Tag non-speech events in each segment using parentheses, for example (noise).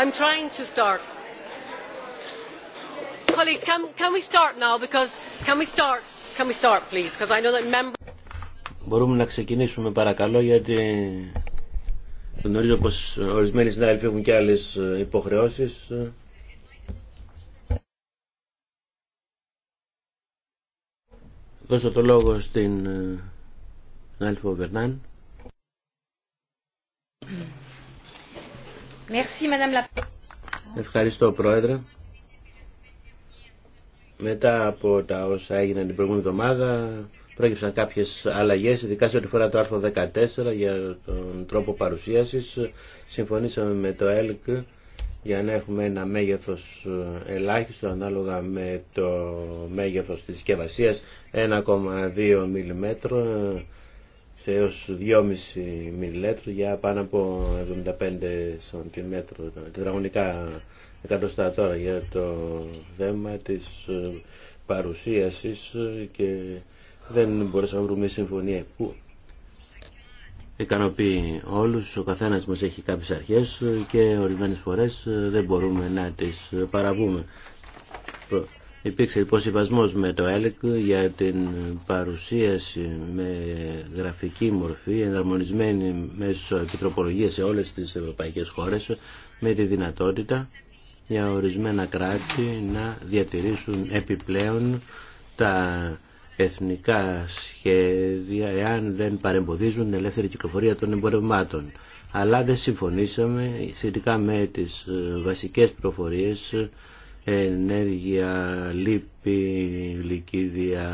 I'm trying to start. Colleagues, can, can we start now? Because can we start? Can we start, please? Because I know that members. Μπορούμε να ξεκινήσουμε παρακαλώ γιατί γνωρίζω πως ορισμένοι συνάδελφοι έχουν και άλλες ε, υποχρεώσεις. Δώσω το λόγο στην ε, συνάδελφο Βερνάν. Ευχαριστώ Πρόεδρε. Μετά από τα όσα έγιναν την προηγούμενη εβδομάδα, πρόκειψαν κάποιες αλλαγές, ειδικά σε ό,τι φορά το άρθρο 14 για τον τρόπο παρουσίασης. Συμφωνήσαμε με το ΕΛΚ για να έχουμε ένα μέγεθος ε, ελάχιστο ανάλογα με το μέγεθος της συσκευασία 1,2 mm έω 2,5 μιλιλέτρου για πάνω από 75 σαντιμέτρου τετραγωνικά εκατοστά τώρα για το θέμα της ε, παρουσίασης ε, και δεν μπορούσαμε να βρούμε συμφωνία που ικανοποιεί όλους, ο καθένας μας έχει κάποιες αρχές ε, και ορισμένες φορές δεν μπορούμε να τις παραβούμε. Υπήρξε λοιπόν συμβασμό με το ΕΛΚ για την παρουσίαση με γραφική μορφή εναρμονισμένη μέσω επιτροπολογία σε όλες τις ευρωπαϊκέ χώρες με τη δυνατότητα για ορισμένα κράτη να διατηρήσουν επιπλέον τα εθνικά σχέδια εάν δεν παρεμποδίζουν την ελεύθερη κυκλοφορία των εμπορευμάτων. Αλλά δεν συμφωνήσαμε σχετικά με τις ε, βασικές προφορίες ενέργεια, λύπη, γλυκίδια,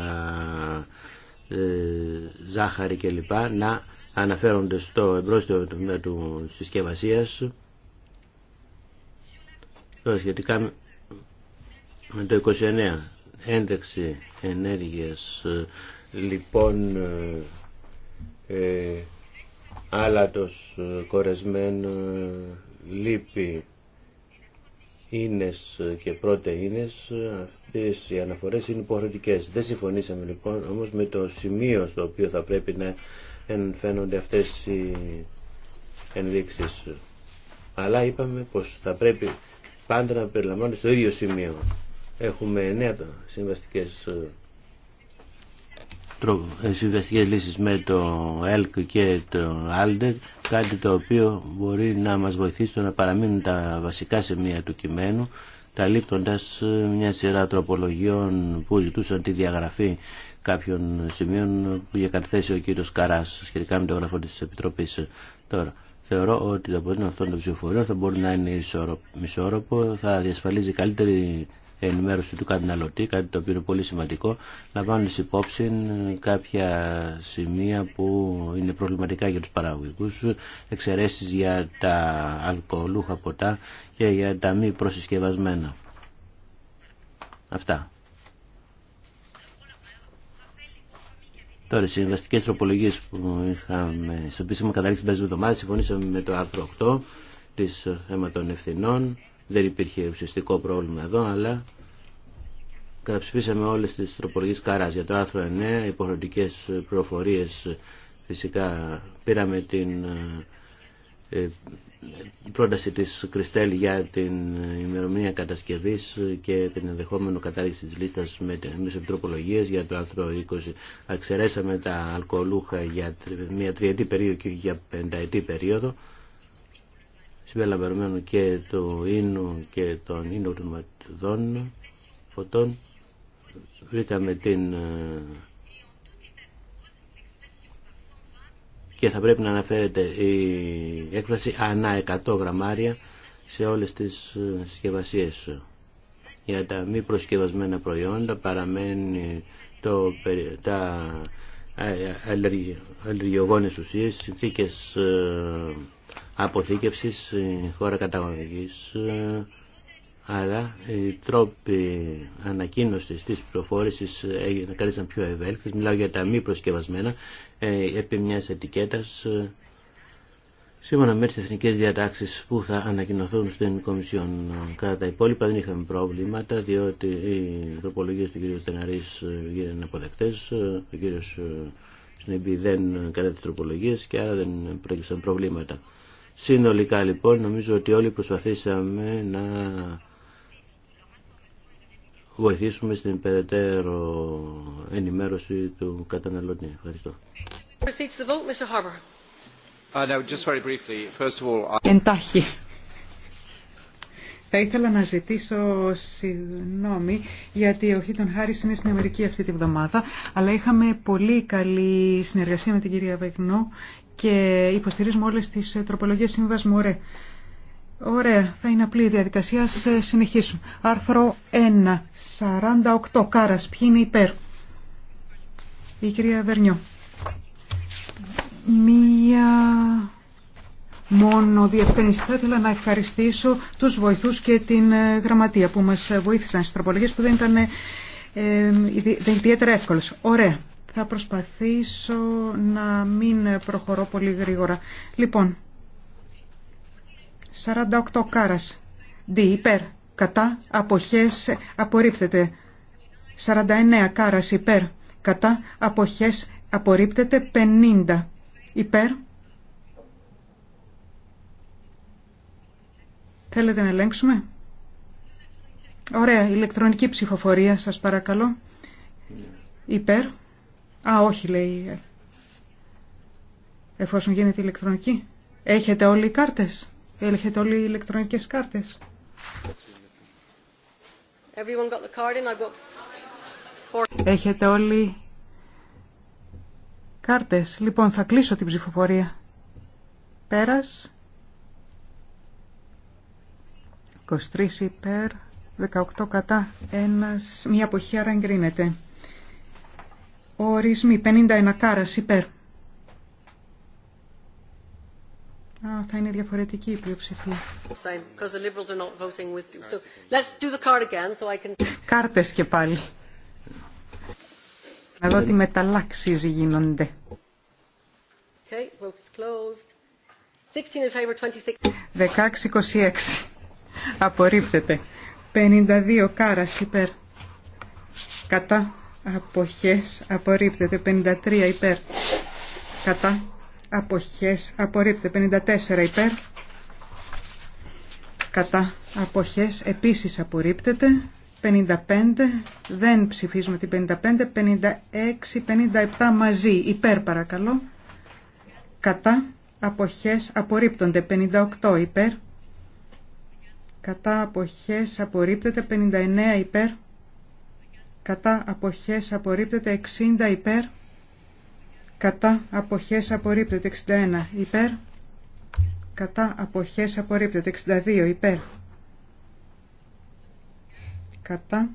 ε, ζάχαρη κλπ. να αναφέρονται στο εμπρόσθετο τομέα του συσκευασίας τώρα σχετικά με το 29 ένταξη ενέργειας λοιπόν ε, ε άλατος ε, κορεσμένο λύπη ίνες και πρώτε πρωτεΐνες αυτές οι αναφορές είναι υποχρεωτικές. Δεν συμφωνήσαμε λοιπόν όμως με το σημείο στο οποίο θα πρέπει να φαίνονται αυτές οι ενδείξεις. Αλλά είπαμε πως θα πρέπει πάντα να περιλαμβάνονται στο ίδιο σημείο. Έχουμε εννέα συμβαστικές ε, ε, συμβαστικές λύσεις με το ΕΛΚ και το ΑΛΔΕΚ κάτι το οποίο μπορεί να μας βοηθήσει να παραμείνουν τα βασικά σημεία του κειμένου, καλύπτοντας ε, μια σειρά τροπολογιών που ζητούσαν τη διαγραφή κάποιων σημείων που είχε καταθέσει ο κύριος Καράς σχετικά με το γράφο της Επιτροπής τώρα. Θεωρώ ότι το αποτέλεσμα αυτών των ψηφοφοριών θα μπορεί να είναι ισόρροπο, θα διασφαλίζει καλύτερη ενημέρωση του καταναλωτή, κάτι το οποίο είναι πολύ σημαντικό, λαμβάνουν υπόψη κάποια σημεία που είναι προβληματικά για τους παραγωγικούς, εξαιρέσεις για τα αλκοολούχα ποτά και για τα μη προσυσκευασμένα. Αυτά. Τώρα, οι συμβαστικέ τροπολογίε που είχαμε, στο πίσω είχαμε καταλήξει την περσμένη εβδομάδα, συμφωνήσαμε με το άρθρο 8 τη ε, θέμα των ευθυνών δεν υπήρχε ουσιαστικό πρόβλημα εδώ, αλλά καταψηφίσαμε όλες τις τροπολογίες καράς. Για το άρθρο 9, υποχρεωτικέ προφορίες, φυσικά πήραμε την ε, πρόταση της Κριστέλ για την ημερομηνία κατασκευής και την ενδεχόμενο κατάργηση της λίστας με τις επιτροπολογίες για το άρθρο 20. Αξαιρέσαμε τα αλκοολούχα για μια τριετή περίοδο και για πενταετή περίοδο συμπεριλαμβανομένου και το ίνου και των ίνων των ματιδών φωτών βρήκαμε την ε, και θα πρέπει να αναφέρεται η έκφραση ανά 100 γραμμάρια σε όλες τις ε, συσκευασίε. Για τα μη προσκευασμένα προϊόντα παραμένει το, τα ε, αλλεργιογόνες ουσίες, συνθήκες αποθήκευσης, χώρα καταγωγής, αλλά οι τρόποι ανακοίνωση τη προφόρησης έγιναν πιο ευέλικτες. Μιλάω για τα μη προσκευασμένα, ε, επί μια ετικέτας, σύμφωνα με τις εθνικέ διατάξεις που θα ανακοινωθούν στην Κομισιόν. Κατά τα υπόλοιπα δεν είχαμε προβλήματα, διότι οι τροπολογίες του κ. Στεναρής γίνανε αποδεκτές, ο κ. Σνεμπή δεν κατά τις τροπολογίες και άρα δεν προέκυψαν προβλήματα. Συνολικά λοιπόν νομίζω ότι όλοι προσπαθήσαμε να βοηθήσουμε στην περαιτέρω ενημέρωση του καταναλωτή. Ευχαριστώ. Uh, Εντάχει. Θα ήθελα να ζητήσω συγγνώμη γιατί ο Χίτον Χάρης είναι στην Αμερική αυτή τη βδομάδα αλλά είχαμε πολύ καλή συνεργασία με την κυρία Βεγνό και υποστηρίζουμε όλες τις ε, τροπολογίες συμβασμού. Ωραία. Ωραία, θα είναι απλή η διαδικασία. Ας ε, συνεχίσουμε. Άρθρο 1, 48, Κάρας, ποιοι είναι υπέρ. Η κυρία Βερνιό. Μία μόνο διευκρινιστή θα ήθελα να ευχαριστήσω τους βοηθούς και την ε, γραμματεία που μας βοήθησαν στις τροπολογίες που δεν ήταν ε, ιδιαίτερα εύκολες. Ωραία. Θα προσπαθήσω να μην προχωρώ πολύ γρήγορα. Λοιπόν, 48 κάρας. Δι, υπέρ, κατά, αποχές, απορρίπτεται. 49 κάρας υπέρ, κατά, αποχές, απορρίπτεται. 50 υπέρ. Θέλετε να ελέγξουμε. Ωραία, ηλεκτρονική ψηφοφορία σας παρακαλώ. Υπέρ. Α, όχι, λέει. Εφόσον γίνεται ηλεκτρονική. Έχετε όλοι οι κάρτες. Έχετε όλοι οι ηλεκτρονικές κάρτες. Έχετε όλοι κάρτες. Λοιπόν, θα κλείσω την ψηφοφορία. Πέρας. 23 υπέρ, 18 κατά, ένας, μία αποχή άρα εγκρίνεται. Ορισμοί 51 κάρα υπέρ. Α, θα είναι διαφορετική η πλειοψηφία. Κάρτες και πάλι. Να δω τι μεταλλάξεις γίνονται. 16-26. Απορρίπτεται. 52 κάρα υπέρ. Κατά αποχές απορρίπτεται 53 υπέρ κατά αποχές απορρίπτεται 54 υπέρ κατά αποχές επίσης απορρίπτεται 55 δεν ψηφίζουμε την 55 56 57 μαζί υπέρ παρακαλώ κατά αποχές απορρίπτονται 58 υπέρ κατά αποχές απορρίπτεται 59 υπέρ κατά αποχές απορρίπτεται 60 υπέρ κατά αποχές απορρίπτεται 61 υπέρ κατά αποχές απορρίπτεται 62 υπέρ κατά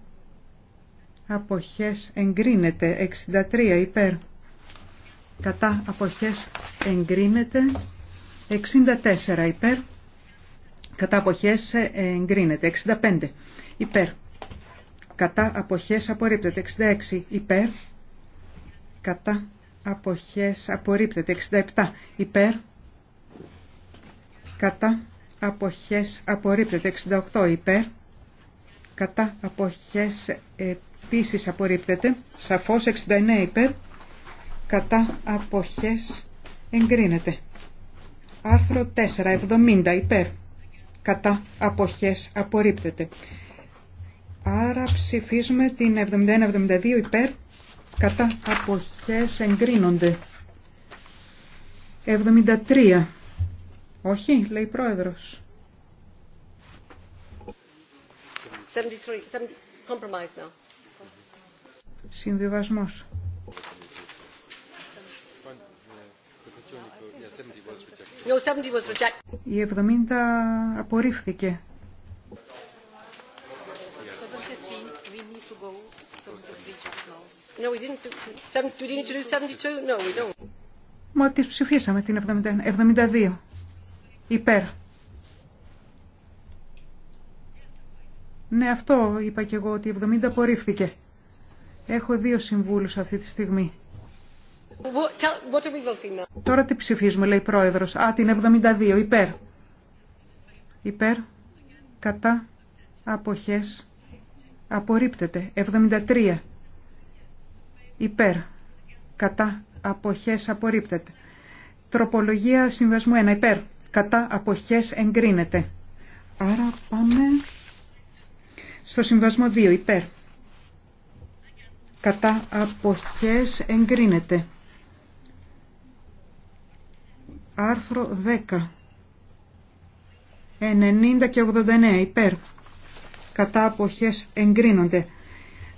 αποχές εγκρίνεται 63 υπέρ κατά αποχές εγκρίνεται 64 υπέρ κατά αποχές εγκρίνεται 65 υπέρ κατά αποχές απορρίπτεται 66 υπέρ κατά αποχές απορρίπτεται 67 υπέρ κατά αποχές απορρίπτεται 68 υπέρ κατά αποχές επίσης απορρίπτεται σαφώς 69 υπέρ κατά αποχές εγκρίνεται άρθρο 4 70 υπέρ κατά αποχές απορρίπτεται Άρα ψηφίζουμε την 71-72 υπέρ, κατά αποχές εγκρίνονται. 73. Όχι, λέει πρόεδρος. 73, 70, Η 70 απορρίφθηκε. No, we didn't need to do 72? No, we don't. Μα τι ψηφίσαμε την 72. Υπέρ. Ναι, αυτό είπα και εγώ, ότι 70 απορρίφθηκε. Έχω δύο συμβούλου αυτή τη στιγμή. Τώρα τι ψηφίζουμε, λέει η πρόεδρος. Α, την 72, υπέρ. Υπέρ, κατά, αποχές, απορρίπτεται. 73, υπέρ, κατά, αποχές απορρίπτεται. Τροπολογία συμβασμού 1 υπέρ, κατά, αποχές εγκρίνεται. Άρα πάμε στο συμβασμό 2 υπέρ. Κατά αποχές εγκρίνεται. Άρθρο 10. 90 και 89 υπέρ. Κατά αποχές εγκρίνονται.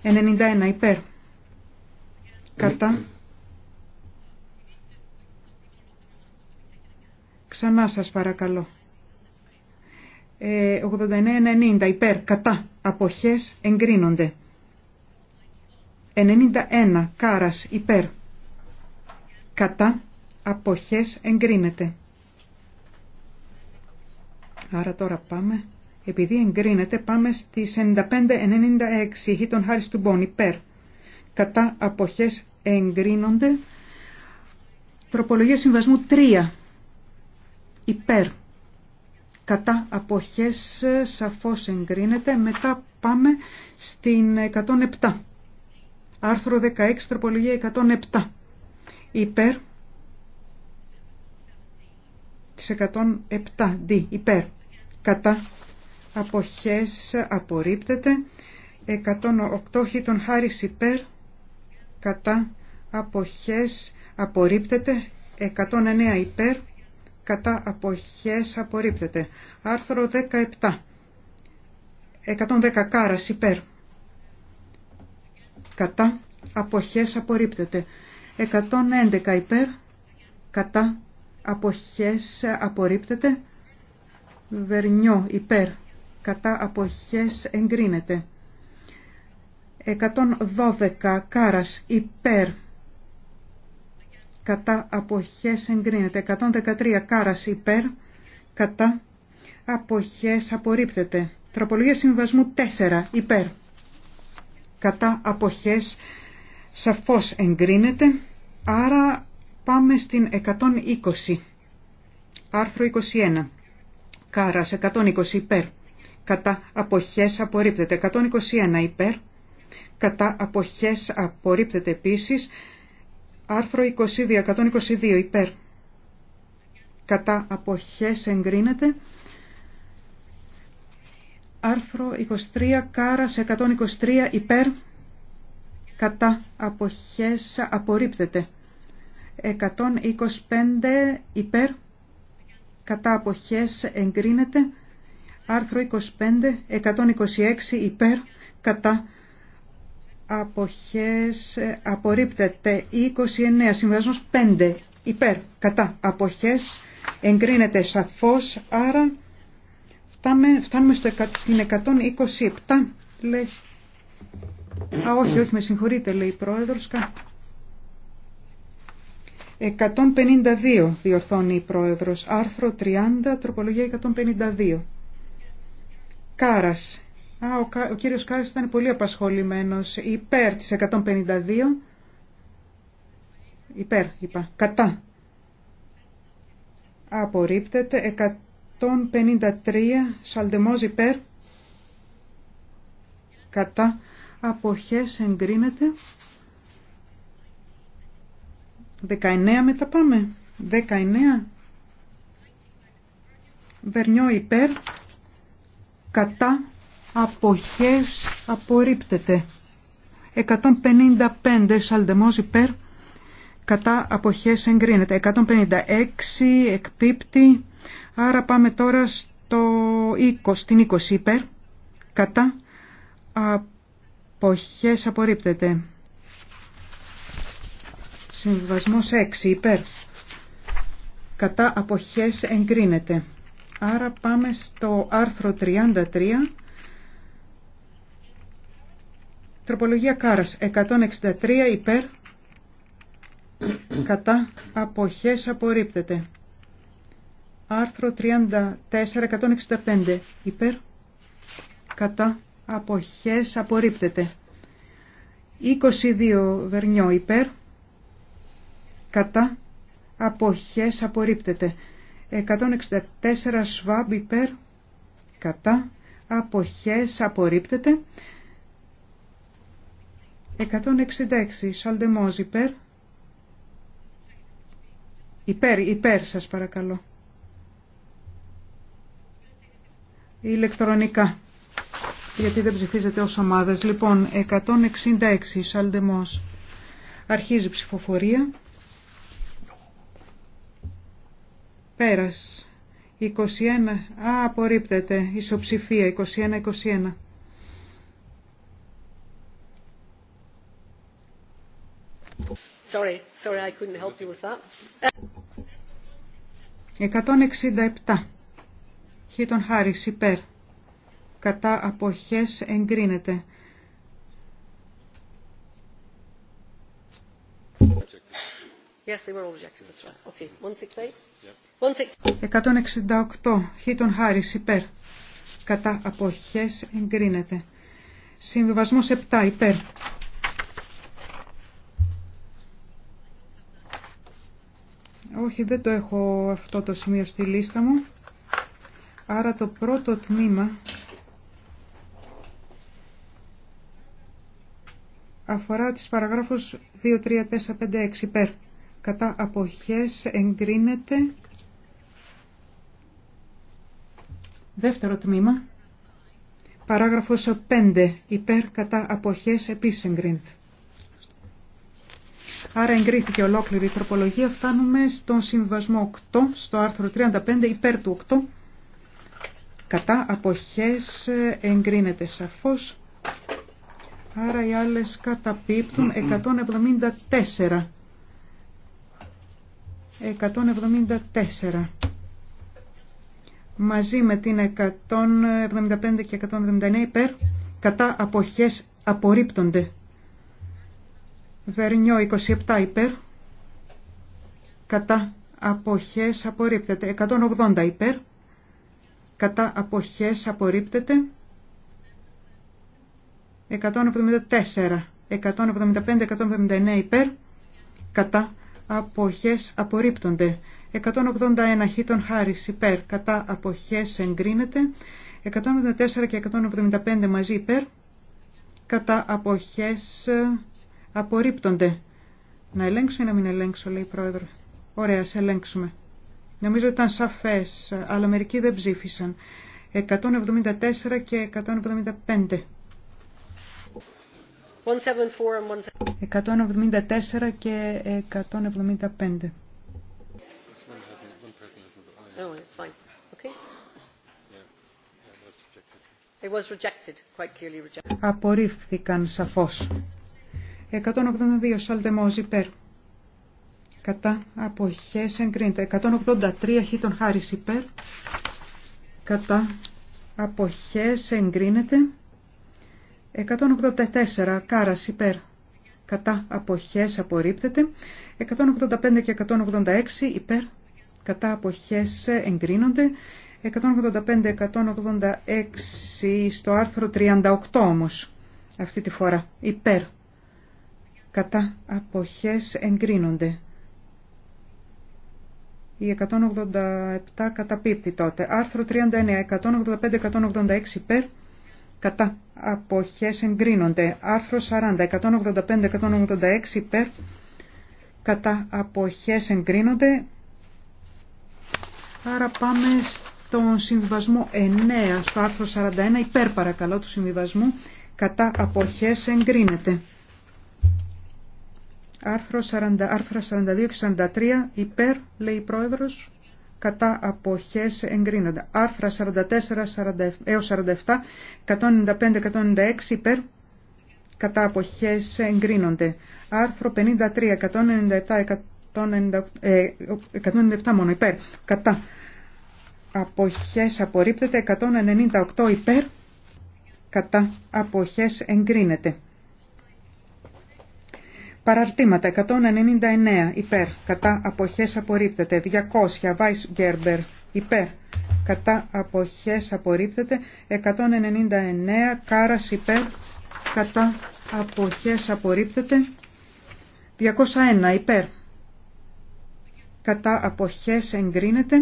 91 υπέρ. Κατά. Ξανά σας παρακαλώ. 89-90 ε, υπέρ, κατά, αποχές εγκρίνονται. 91 κάρας υπέρ, κατά, αποχές εγκρίνεται. Άρα τώρα πάμε, επειδή εγκρίνεται πάμε στις 95-96 τον χάρη του Μπον υπέρ, κατά, αποχές εγκρίνονται. Τροπολογία συμβασμού 3 υπέρ κατά αποχές ε, σαφώς εγκρίνεται. Μετά πάμε στην 107. Άρθρο 16, τροπολογία 107. Υπέρ της 107, δι, υπέρ, κατά, αποχές, ε, απορρίπτεται, 108, χιτον χάρις υπέρ, κατά αποχές απορρίπτεται 109 υπέρ κατά αποχές απορρίπτεται άρθρο 17 110 κάρας υπέρ κατά αποχές απορρίπτεται 111 υπέρ κατά αποχές απορρίπτεται βερνιό υπέρ κατά αποχές εγκρίνεται 112 κάρας υπέρ κατά αποχές εγκρίνεται. 113 κάρας υπέρ κατά αποχές απορρίπτεται. Τροπολογία συμβασμού 4 υπέρ κατά αποχές σαφώς εγκρίνεται. Άρα πάμε στην 120. Άρθρο 21. Κάρας 120 υπέρ. Κατά αποχές απορρίπτεται. 121 υπέρ κατά αποχές απορρίπτεται επίσης άρθρο 22, 122 υπέρ κατά αποχές εγκρίνεται άρθρο 23 κάρας 123 υπέρ κατά αποχές απορρίπτεται 125 υπέρ κατά αποχές εγκρίνεται άρθρο 25 126 υπέρ κατά αποχές ε, απορρίπτεται 29 συμβασμός 5 υπέρ κατά αποχές εγκρίνεται σαφώς άρα φτάμε, φτάνουμε στο, στην 127 λέει α όχι όχι με συγχωρείτε λέει η πρόεδρος κα. 152 διορθώνει η πρόεδρος άρθρο 30 τροπολογία 152 Κάρας Α, ο, ο κύριος Κάρης ήταν πολύ απασχολημένος. Υπέρ της 152. Υπέρ, είπα. Κατά. Απορρίπτεται. 153. σαλτεμός υπέρ. Κατά. Αποχές εγκρίνεται. 19 μετά πάμε. 19. Βερνιό υπέρ. Κατά αποχές απορρίπτεται. 155 σαλντεμός υπέρ κατά αποχές εγκρίνεται. 156 εκπίπτει. Άρα πάμε τώρα στο 20, την 20 υπέρ κατά αποχές απορρίπτεται. Συμβασμός 6 υπέρ κατά αποχές εγκρίνεται. Άρα πάμε στο άρθρο 33 Τροπολογία Κάρας, 163 υπέρ, κατά αποχές απορρίπτεται. Άρθρο 34, 165 υπέρ, κατά αποχές απορρίπτεται. 22 βερνιό υπέρ, κατά αποχές απορρίπτεται. 164 σβάμπ υπέρ, κατά αποχές απορρίπτεται. 166. Σαλδεμός υπέρ. Υπέρ, υπέρ σας παρακαλώ. Ηλεκτρονικά. Γιατί δεν ψηφίζετε ως ομάδες. Λοιπόν, 166. Σαλδεμός Αρχίζει ψηφοφορία. Πέρας. 21. Α, απορρίπτεται. Ισοψηφία. 21-21. Sorry, sorry, I couldn't help you with that. 167. Χίτον Χάρις υπέρ. Κατά αποχές εγκρίνεται. Yes, they were all rejected, that's right. Okay, 168. 168. Χίτον Χάρις υπέρ. Κατά αποχές εγκρίνεται. Συμβιβασμός 7 υπέρ. Όχι, δεν το έχω αυτό το σημείο στη λίστα μου. Άρα το πρώτο τμήμα αφορά τις παραγράφους 2, 3, 4, 5, 6 υπέρ. Κατά αποχές εγκρίνεται δεύτερο τμήμα. Παράγραφος 5 υπέρ κατά αποχές επίσης εγκρίνεται. Άρα εγκρίθηκε ολόκληρη η τροπολογία. Φτάνουμε στον συμβασμό 8, στο άρθρο 35, υπέρ του 8. Κατά αποχές εγκρίνεται σαφώς. Άρα οι άλλες καταπίπτουν 174. 174 μαζί με την 175 και 179 υπέρ κατά αποχές απορρίπτονται. Βερνιό 27 υπέρ. Κατά αποχές απορρίπτεται. 180 υπέρ. Κατά αποχές απορρίπτεται. 174, 175, 179 υπέρ. Κατά αποχές απορρίπτονται. 181 χίτων χάρη υπέρ. Κατά αποχές εγκρίνεται. 184 και 175 μαζί υπέρ. Κατά αποχές Απορρίπτονται. Να ελέγξω ή να μην ελέγξω, λέει η πρόεδρο. Ωραία, σε ελέγξουμε. Νομίζω ήταν σαφέ, αλλά μερικοί δεν ψήφισαν. 174 και 175. 174 και 175. Απορρίφθηκαν σαφώς. 182 Σαλτεμόζ υπέρ. Κατά αποχές εγκρίνεται. 183 Χίτων Χάρης υπέρ. Κατά αποχές εγκρίνεται. 184 Κάρας υπέρ. Κατά αποχές απορρίπτεται. 185 και 186 υπέρ. Κατά αποχές εγκρίνονται. 185-186 στο άρθρο 38 όμως αυτή τη φορά υπέρ κατά αποχές εγκρίνονται. Η 187 καταπίπτει τότε. Άρθρο 39, 185-186 υπέρ, κατά αποχές εγκρίνονται. Άρθρο 40, 185-186 υπέρ, κατά αποχές εγκρίνονται. Άρα πάμε στον συμβιβασμό 9, στο άρθρο 41, υπέρ παρακαλώ του συμβιβασμού, κατά αποχές εγκρίνεται. Άρθρο 40, άρθρα 42 και 43 υπέρ, λέει η Πρόεδρος, κατά αποχές εγκρίνονται. Άρθρα 44 έω έως 47, 195-196 υπέρ, κατά αποχές εγκρίνονται. Άρθρο 53, 197, 197 μόνο υπέρ, κατά αποχές απορρίπτεται, 198 υπέρ, κατά αποχές εγκρίνεται. Παραρτήματα 199 υπέρ, κατά αποχές απορρίπτεται. 200 Βάις Γκέρμπερ υπέρ, κατά αποχές απορρίπτεται. 199 Κάρας υπέρ, κατά αποχές απορρίπτεται. 201 υπέρ, κατά αποχές εγκρίνεται.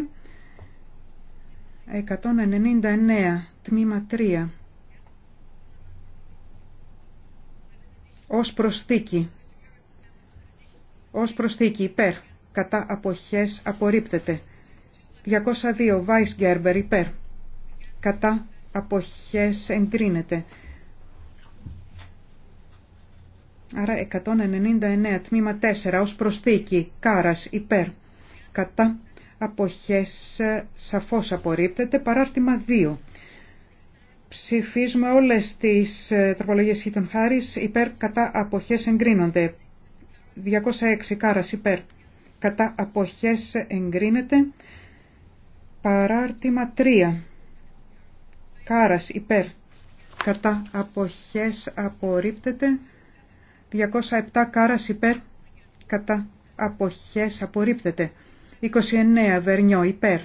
199 τμήμα 3 ως προσθήκη ως προσθήκη υπέρ, κατά αποχές απορρίπτεται. 202 Γκέρμπερ υπέρ, κατά αποχές εγκρίνεται. Άρα 199 τμήμα 4 ως προσθήκη κάρας υπέρ, κατά αποχές σαφώς απορρίπτεται. Παράρτημα 2. Ψηφίζουμε όλες τις ε, τροπολογίες Χίτων Χάρης υπέρ κατά αποχές εγκρίνονται. 206 κάρας υπέρ κατά απόχέ εγκρίνεται παράρτημα 3 κάρας υπέρ κατά αποχές απορρίπτεται 207 κάρας υπέρ κατά αποχές απορρίπτεται 29 βερνιό υπέρ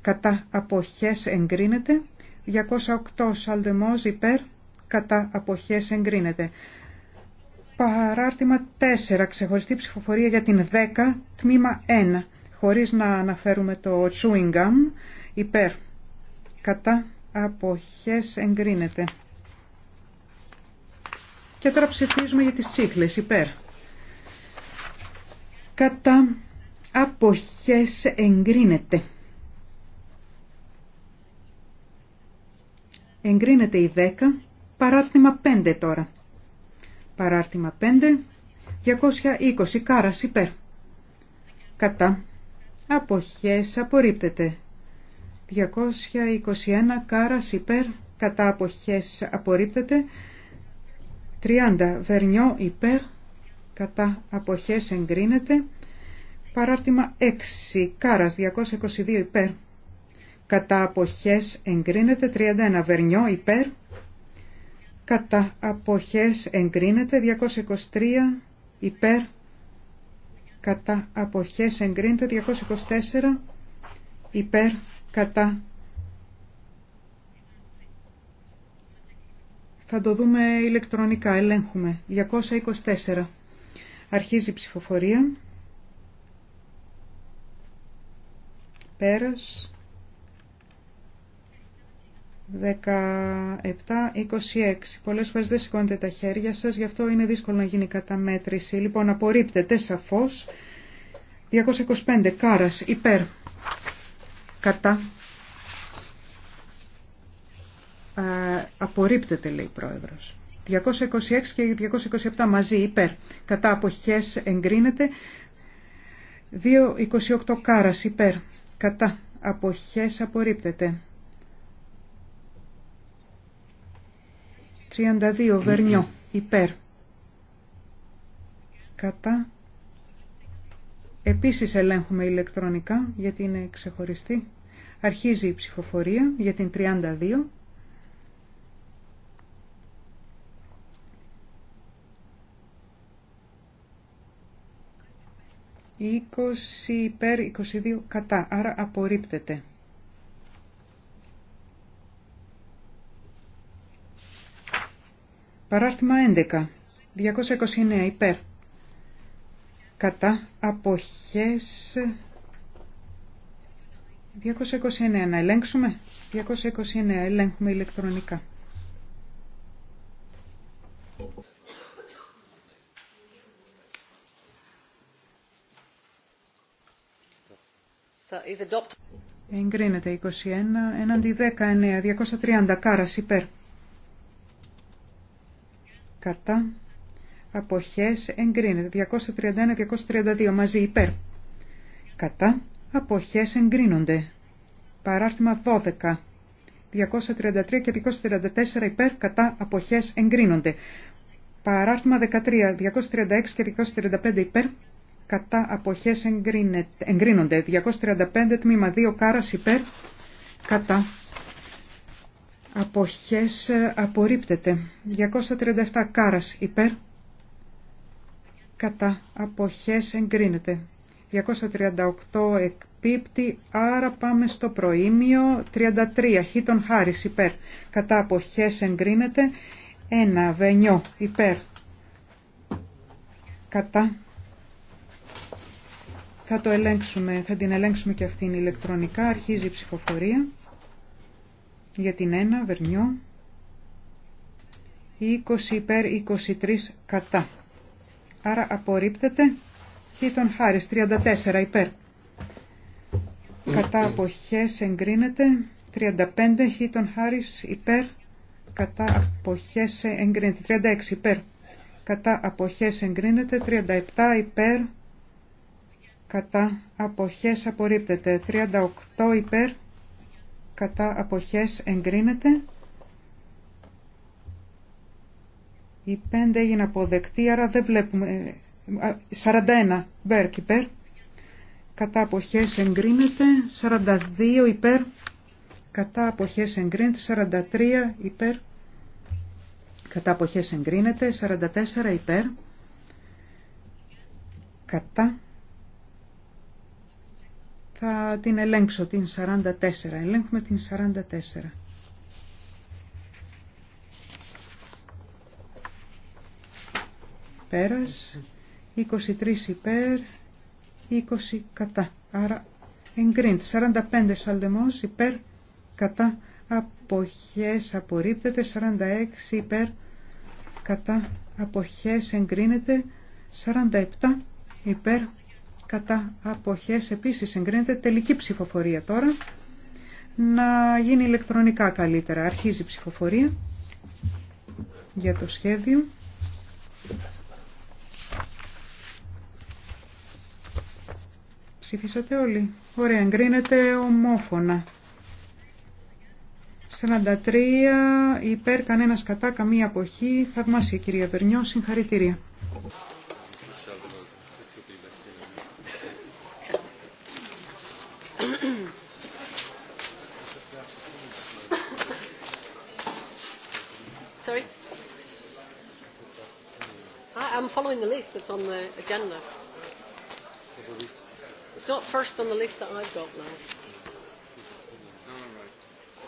κατά αποχές εγκρίνεται 208 σαλδεμός υπέρ κατά αποχές εγκρίνεται Παράρτημα 4. Ξεχωριστή ψηφοφορία για την 10, τμήμα 1. Χωρίς να αναφέρουμε το chewing gum, υπέρ. Κατά αποχές εγκρίνεται. Και τώρα ψηφίζουμε για τις τσίχλες, υπέρ. Κατά αποχές εγκρίνεται. Εγκρίνεται η 10, παράρτημα 5 τώρα. Παράρτημα 5. 220. κάρα υπέρ. Κατά. Αποχές απορρίπτεται. 221. κάρα υπέρ. Κατά αποχές απορρίπτεται. 30. Βερνιό υπέρ. Κατά αποχές εγκρίνεται. Παράρτημα 6. Κάρας 222 υπέρ. Κατά αποχές εγκρίνεται. 31. Βερνιό υπέρ κατά αποχές εγκρίνεται 223 υπέρ κατά αποχές εγκρίνεται 224 υπέρ κατά θα το δούμε ηλεκτρονικά ελέγχουμε 224 αρχίζει η ψηφοφορία πέρας 17-26. Πολλές φορές δεν σηκώνετε τα χέρια σας, γι' αυτό είναι δύσκολο να γίνει καταμέτρηση. Λοιπόν, απορρίπτεται σαφώς. 225. Κάρας, υπέρ. Κατά. Α, απορρίπτεται, λέει η Πρόεδρος. 226 και 227 μαζί, υπέρ. Κατά αποχές εγκρίνεται. 228 κάρας, υπέρ. Κατά αποχές απορρίπτεται. 32 Βερνιό υπέρ κατά επίσης ελέγχουμε ηλεκτρονικά γιατί είναι ξεχωριστή αρχίζει η ψηφοφορία για την 32 20 υπέρ 22 κατά, άρα απορρίπτεται. Παράρτημα 11. 229 υπέρ. Κατά αποχές 229. Να ελέγξουμε. 229. Ελέγχουμε ηλεκτρονικά. Εγκρίνεται 21 έναντι 19. 230 κάρας υπέρ κατά αποχές εγκρίνεται. 231-232 μαζί υπέρ. Κατά αποχές εγκρίνονται. Παράρτημα 12. 233 και 234 υπέρ κατά αποχές εγκρίνονται. Παράρτημα 13. 236 και 235 υπέρ κατά αποχές εγκρίνονται. 235 τμήμα 2 κάρας υπέρ κατά Αποχές ε, απορρίπτεται. 237 κάρας υπέρ. Κατά. Αποχές εγκρίνεται. 238 εκπίπτει, άρα πάμε στο προήμιο. 33 χίτων χάρης υπέρ. Κατά. Αποχές εγκρίνεται. 1 βενιό υπέρ. Κατά. Θα το ελέγξουμε, θα την ελέγξουμε και αυτήν ηλεκτρονικά. Αρχίζει η ψηφοφορία για την 1 Βερνιό 20 υπέρ 23 κατά. Άρα απορρίπτεται και τον Χάρης 34 υπέρ. Κατά αποχές εγκρίνεται 35 χίτων χάρις υπέρ κατά αποχές εγκρίνεται 36 υπέρ κατά αποχές εγκρίνεται 37 υπέρ κατά αποχές απορρίπτεται 38 υπέρ κατά αποχές εγκρίνεται. Η 5 έγινε αποδεκτή, άρα δεν βλέπουμε. 41 ε, μπέρκ υπέρ. Κατά αποχές εγκρίνεται. 42 υπέρ. Κατά αποχές εγκρίνεται. 43 υπέρ. Κατά αποχές εγκρίνεται. 44 υπέρ. Κατά θα την ελέγξω την 44. Ελέγχουμε την 44. Πέρας. 23 υπέρ, 20 κατά. Άρα εγκρίνεται. 45 σαλδεμός υπέρ, κατά. Αποχές απορρίπτεται. 46 υπέρ, κατά. Αποχές εγκρίνεται. 47 υπέρ, κατά αποχές επίσης εγκρίνεται τελική ψηφοφορία τώρα να γίνει ηλεκτρονικά καλύτερα αρχίζει η ψηφοφορία για το σχέδιο ψηφίσατε όλοι ωραία εγκρίνεται ομόφωνα 43 υπέρ κανένας κατά καμία αποχή θαυμάσια κυρία Βερνιό συγχαρητήρια not in the list, that's on the agenda. It's not first on the list that I've got now.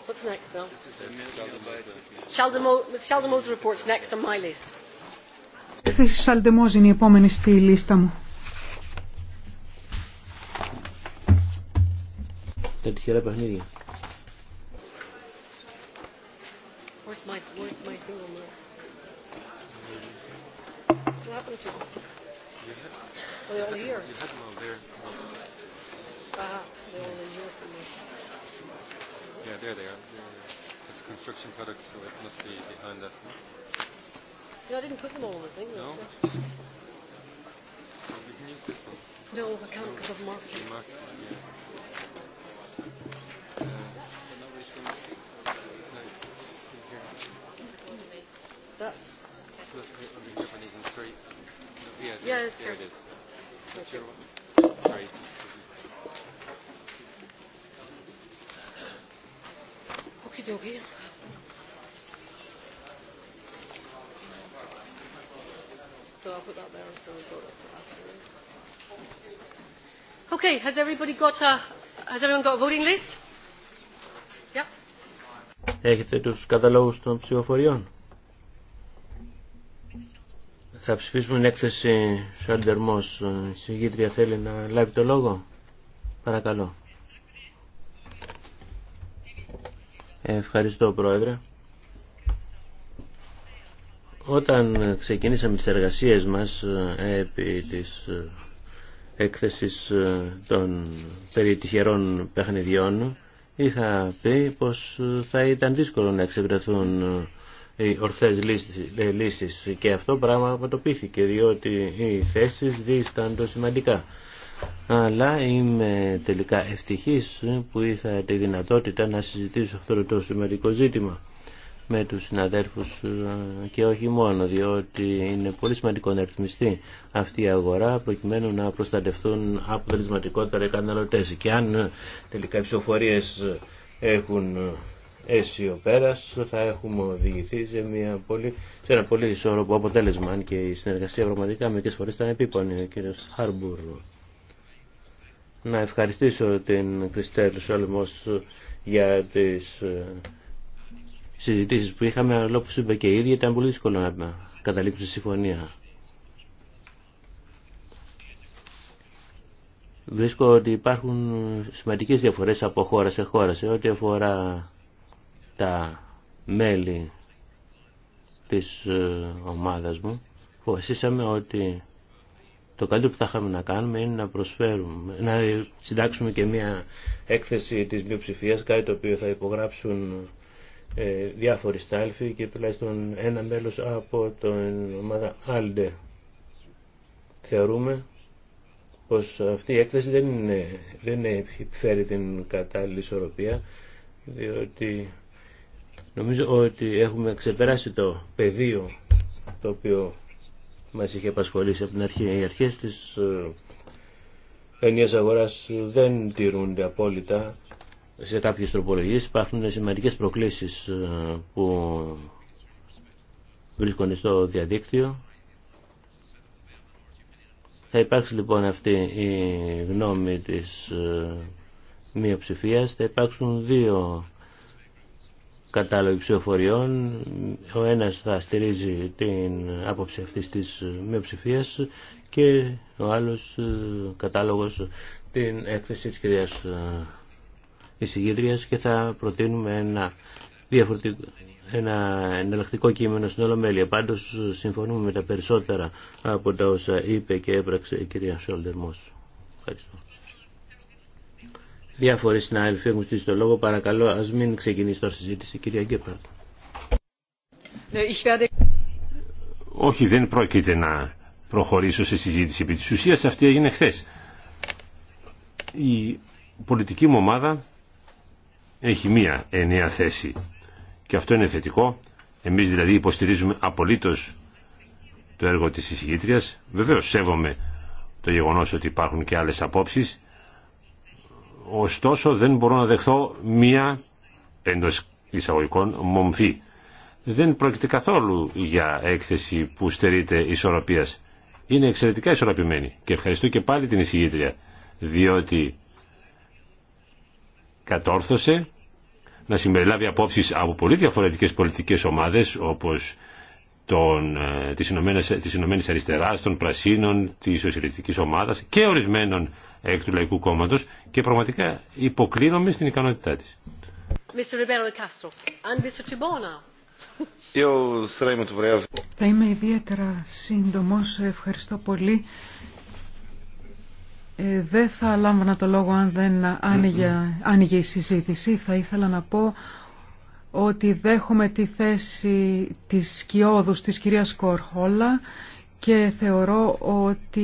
What's next, though? Shaldemo's report's next on my list. Έκθεση Σαλντεμόζ είναι η επόμενη στη λίστα μου. Τα τυχερά παιχνίδια. Where's my, where's my single mark? They're all here. You had them all there. Ah, they're all in here somewhere. Yeah, there they are. It's construction products, so it must be behind that. No, I didn't put them all in the thing. No. We can use this one. No, I can't because I've marked it. Marked it, yeah. That's Yes. Here So I'll put that there Okay, has everybody got a, has everyone got a voting list? Yeah. Έχετε τους καταλόγους των ψηφοφοριών. Θα ψηφίσουμε την έκθεση Μος. Η συγγήτρια θέλει να λάβει το λόγο. Παρακαλώ. Ευχαριστώ Πρόεδρε. Όταν ξεκινήσαμε τις εργασίες μας ε, επί της ε, έκθεσης ε, των περί τυχερών παιχνιδιών είχα πει πως θα ήταν δύσκολο να εξευρεθούν ορθές λύσεις ε, και αυτό πράγμα αποτοπίθηκε διότι οι θέσεις δίσταντο σημαντικά αλλά είμαι τελικά ευτυχής που είχα τη δυνατότητα να συζητήσω αυτό το σημαντικό ζήτημα με τους συναδέρφους ε, και όχι μόνο διότι είναι πολύ σημαντικό να ρυθμιστεί αυτή η αγορά προκειμένου να προστατευτούν αποτελεσματικότερα οι καταναλωτές και αν ε, τελικά οι έχουν αίσιο πέρας θα έχουμε οδηγηθεί σε, μια πολύ, σε ένα πολύ ισόρροπο αποτέλεσμα και η συνεργασία πραγματικά μερικές φορές ήταν επίπονη ο κύριος Χάρμπουρ να ευχαριστήσω την Κριστέλ Σόλμος για τις ε, συζητήσεις που είχαμε αλλά όπως είπε και η ίδια ήταν πολύ δύσκολο να καταλήξουμε συμφωνία Βρίσκω ότι υπάρχουν σημαντικές διαφορές από χώρα σε χώρα σε ό,τι αφορά τα μέλη της ε, ομάδας μου αποφασίσαμε ότι το καλύτερο που θα είχαμε να κάνουμε είναι να προσφέρουμε, να συντάξουμε και μια έκθεση της μειοψηφίας, κάτι το οποίο θα υπογράψουν ε, διάφοροι στάλφοι και τουλάχιστον ένα μέλος από την ομάδα ALDE. Θεωρούμε πως αυτή η έκθεση δεν, είναι, δεν επιφέρει την κατάλληλη ισορροπία, διότι Νομίζω ότι έχουμε ξεπεράσει το πεδίο το οποίο μας είχε απασχολήσει από την αρχή. Οι αρχές της ε, ενιαίας αγοράς δεν τηρούνται απόλυτα σε κάποιες τροπολογίες. Υπάρχουν σημαντικές προκλήσεις ε, που βρίσκονται στο διαδίκτυο. Θα υπάρξει λοιπόν αυτή η γνώμη της ε, μειοψηφίας. Θα υπάρξουν δύο Κατάλογοι ψηφοφοριών. Ο ένας θα στηρίζει την άποψη αυτής της μειοψηφίας και ο άλλος ε, κατάλογος την έκθεση της κυρίας ε, εισηγήτριας και θα προτείνουμε ένα διαφορετικό ένα εναλλακτικό κείμενο στην Ολομέλεια. Πάντως ε, συμφωνούμε με τα περισσότερα από τα όσα είπε και έπραξε η κυρία Σόλτερ Ευχαριστώ. Διάφοροι συνάδελφοι έχουν στήσει το λόγο. Παρακαλώ, ας μην ξεκινήσει τώρα συζήτηση, κυρία Γκέπαρτ. Ναι, Όχι, δεν πρόκειται να προχωρήσω σε συζήτηση επί της ουσίας. Αυτή έγινε χθε. Η πολιτική μου ομάδα έχει μία ενιαία θέση και αυτό είναι θετικό. Εμείς δηλαδή υποστηρίζουμε απολύτως το έργο της εισηγήτριας. Βεβαίως σέβομαι το γεγονός ότι υπάρχουν και άλλες απόψεις Ωστόσο δεν μπορώ να δεχθώ μία εντό εισαγωγικών μομφή. Δεν πρόκειται καθόλου για έκθεση που στερείται ισορροπίας. Είναι εξαιρετικά ισορροπημένη και ευχαριστώ και πάλι την εισηγήτρια διότι κατόρθωσε να συμπεριλάβει απόψεις από πολύ διαφορετικές πολιτικές ομάδες όπως των, ε, της, Ηνωμένης, της Ηνωμένης Αριστεράς, των Πρασίνων, της Σοσιαλιστικής Ομάδας και ορισμένων εκ του Λαϊκού Κόμματος και πραγματικά υποκλίνομαι στην ικανότητά της. Θα είμαι ιδιαίτερα σύντομος. Ευχαριστώ πολύ. Ε, δεν θα λάμβανα το λόγο αν δεν άνοιγε, άνοιγε η συζήτηση. Θα ήθελα να πω ότι δέχομαι τη θέση της σκιώδους της κυρίας Κορχόλα και θεωρώ ότι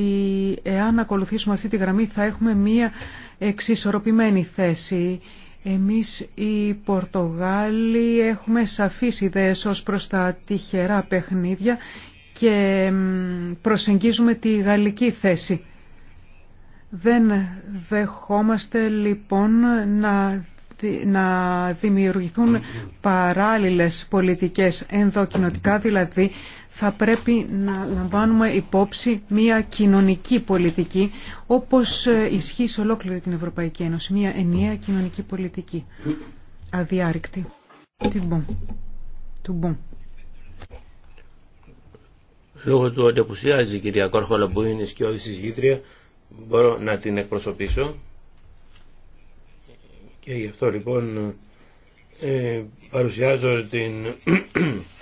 εάν ακολουθήσουμε αυτή τη γραμμή θα έχουμε μία εξισορροπημένη θέση. Εμείς οι Πορτογάλοι έχουμε σαφείς ιδέες ως προς τα τυχερά παιχνίδια και προσεγγίζουμε τη γαλλική θέση. Δεν δεχόμαστε λοιπόν να να δημιουργηθούν παράλληλες πολιτικές ενδοκινοτικά δηλαδή θα πρέπει να λαμβάνουμε υπόψη μια κοινωνική πολιτική, όπως ισχύει σε ολόκληρη την Ευρωπαϊκή Ένωση, μια ενιαία κοινωνική πολιτική, αδιάρρηκτη. Λόγω του ότι απουσιάζει η κυρία Κόρχολα που είναι σκιώδη συζήτρια, μπορώ να την εκπροσωπήσω. Και ε, γι' αυτό λοιπόν ε, παρουσιάζω την,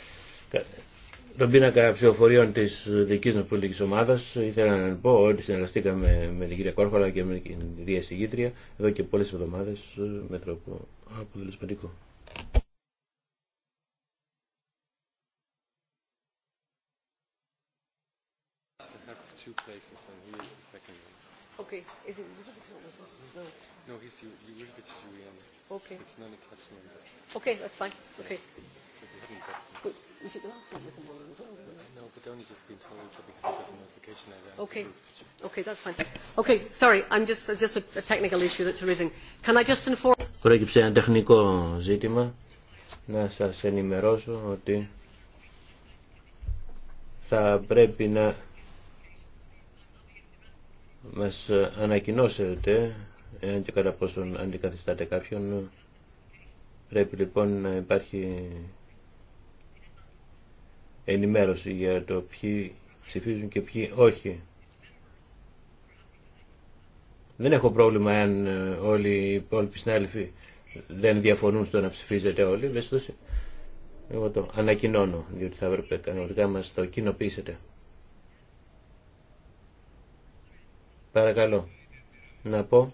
(clears throat) τον πίνακα ψηφοφορίων της δικής μας πολιτικής ομάδας. Ήθελα να πω ότι συνεργαστήκαμε με την κυρία Κόρχολα και με την κυρία Συγήτρια εδώ και πολλές εβδομάδες ε, με τρόπο αποτελεσματικό. Two Okay. Is it a little bit No. No, he's you. You will get Okay. It's not attached Okay, that's fine. Okay. we should with the as well. No, but only just been told that we notification Okay. Okay, that's fine. Okay, sorry, I'm just, just a, a technical issue that's arisen. Can I just inform... Προέκυψε ένα τεχνικό ζήτημα. Να σας ενημερώσω ότι θα πρέπει να μας ανακοινώσετε εάν και κατά πόσον αντικαθιστάτε κάποιον πρέπει λοιπόν να υπάρχει ενημέρωση για το ποιοι ψηφίζουν και ποιοι όχι. Δεν έχω πρόβλημα αν όλοι οι υπόλοιποι συνάδελφοι δεν διαφωνούν στο να ψηφίζετε όλοι. Εγώ το ανακοινώνω, διότι θα έπρεπε κανονικά μας το κοινοποιήσετε. Παρακαλώ να πω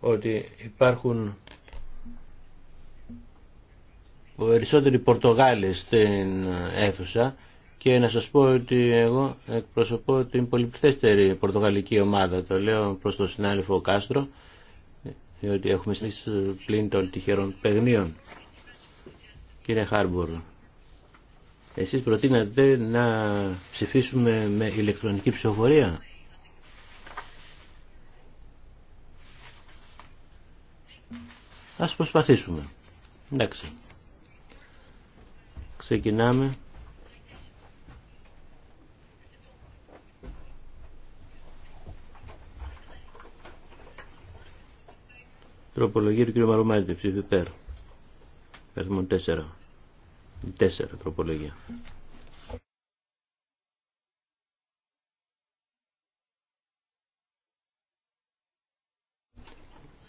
ότι υπάρχουν περισσότεροι Πορτογάλες στην αίθουσα και να σας πω ότι εγώ εκπροσωπώ την πολυπληθέστερη πορτογαλική ομάδα. Το λέω προς τον συνάδελφο Κάστρο, διότι έχουμε στις πλήν των τυχερών παιγνίων. Κύριε Χάρμπορ, εσείς προτείνατε να ψηφίσουμε με ηλεκτρονική ψηφοφορία. Ας προσπαθήσουμε. Εντάξει. Ξεκινάμε. Τροπολογία του κ. Μαρουμάτη, ψήφι πέρα. Περθμόν 4. 4 τροπολογία.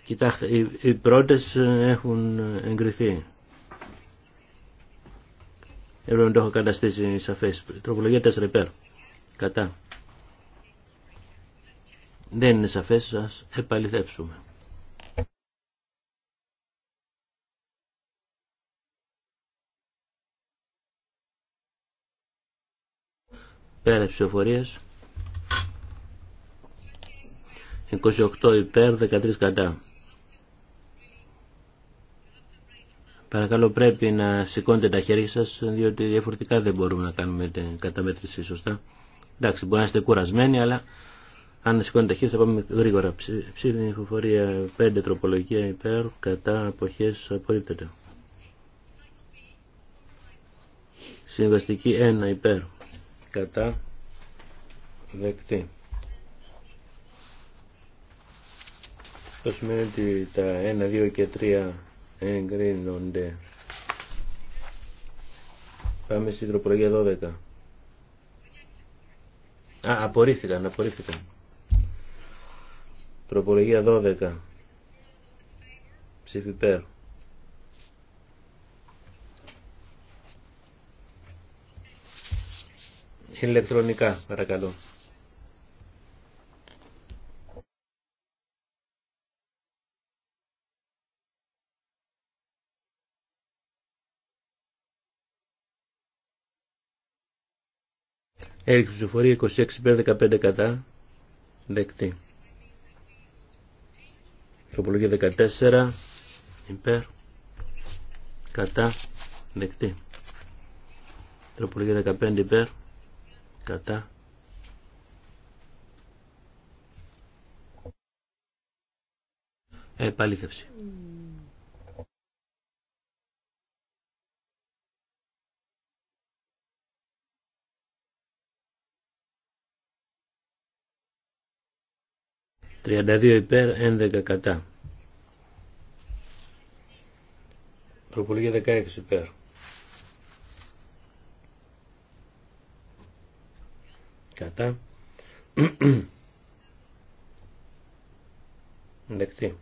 Κοιτάξτε, οι πρώτες ε, έχουν εγκριθεί. Έπρεπε να το έχω καταστήσει σαφές. Τροπολογία 4 υπέρ. Κατά. Δεν είναι σαφές, σας. επαληθεύσουμε. Πέρα ψηφοφορίες. 28 υπέρ, 13 κατά. Παρακαλώ πρέπει να σηκώνετε τα χέρια σας, διότι διαφορετικά δεν μπορούμε να κάνουμε την καταμέτρηση σωστά. Εντάξει, μπορεί να είστε κουρασμένοι, αλλά αν σηκώνετε τα χέρια θα πάμε γρήγορα. Ψήφινη ψηφοφορία 5 τροπολογία υπέρ, κατά αποχές απορρίπτεται. Συμβαστική 1 υπέρ, κατά δεκτή. Αυτό σημαίνει ότι τα 1, 2 και 3 εγκρίνονται. Πάμε στην τροπολογία 12. Α, απορρίφθηκαν, απορρίφθηκαν. Τροπολογία 12. Ψήφι πέρ. Ηλεκτρονικά, παρακαλώ. Έχει ψηφοφορία 26 υπέρ 15 κατά. Δεκτή. Τροπολογία 14 υπέρ κατά. Δεκτή. Τροπολογία 15 υπέρ κατά. Επαλήθευση. Mm. 32 υπέρ 11 κατά. Προπολογία 16 υπέρ. Κατά. Δεκτή.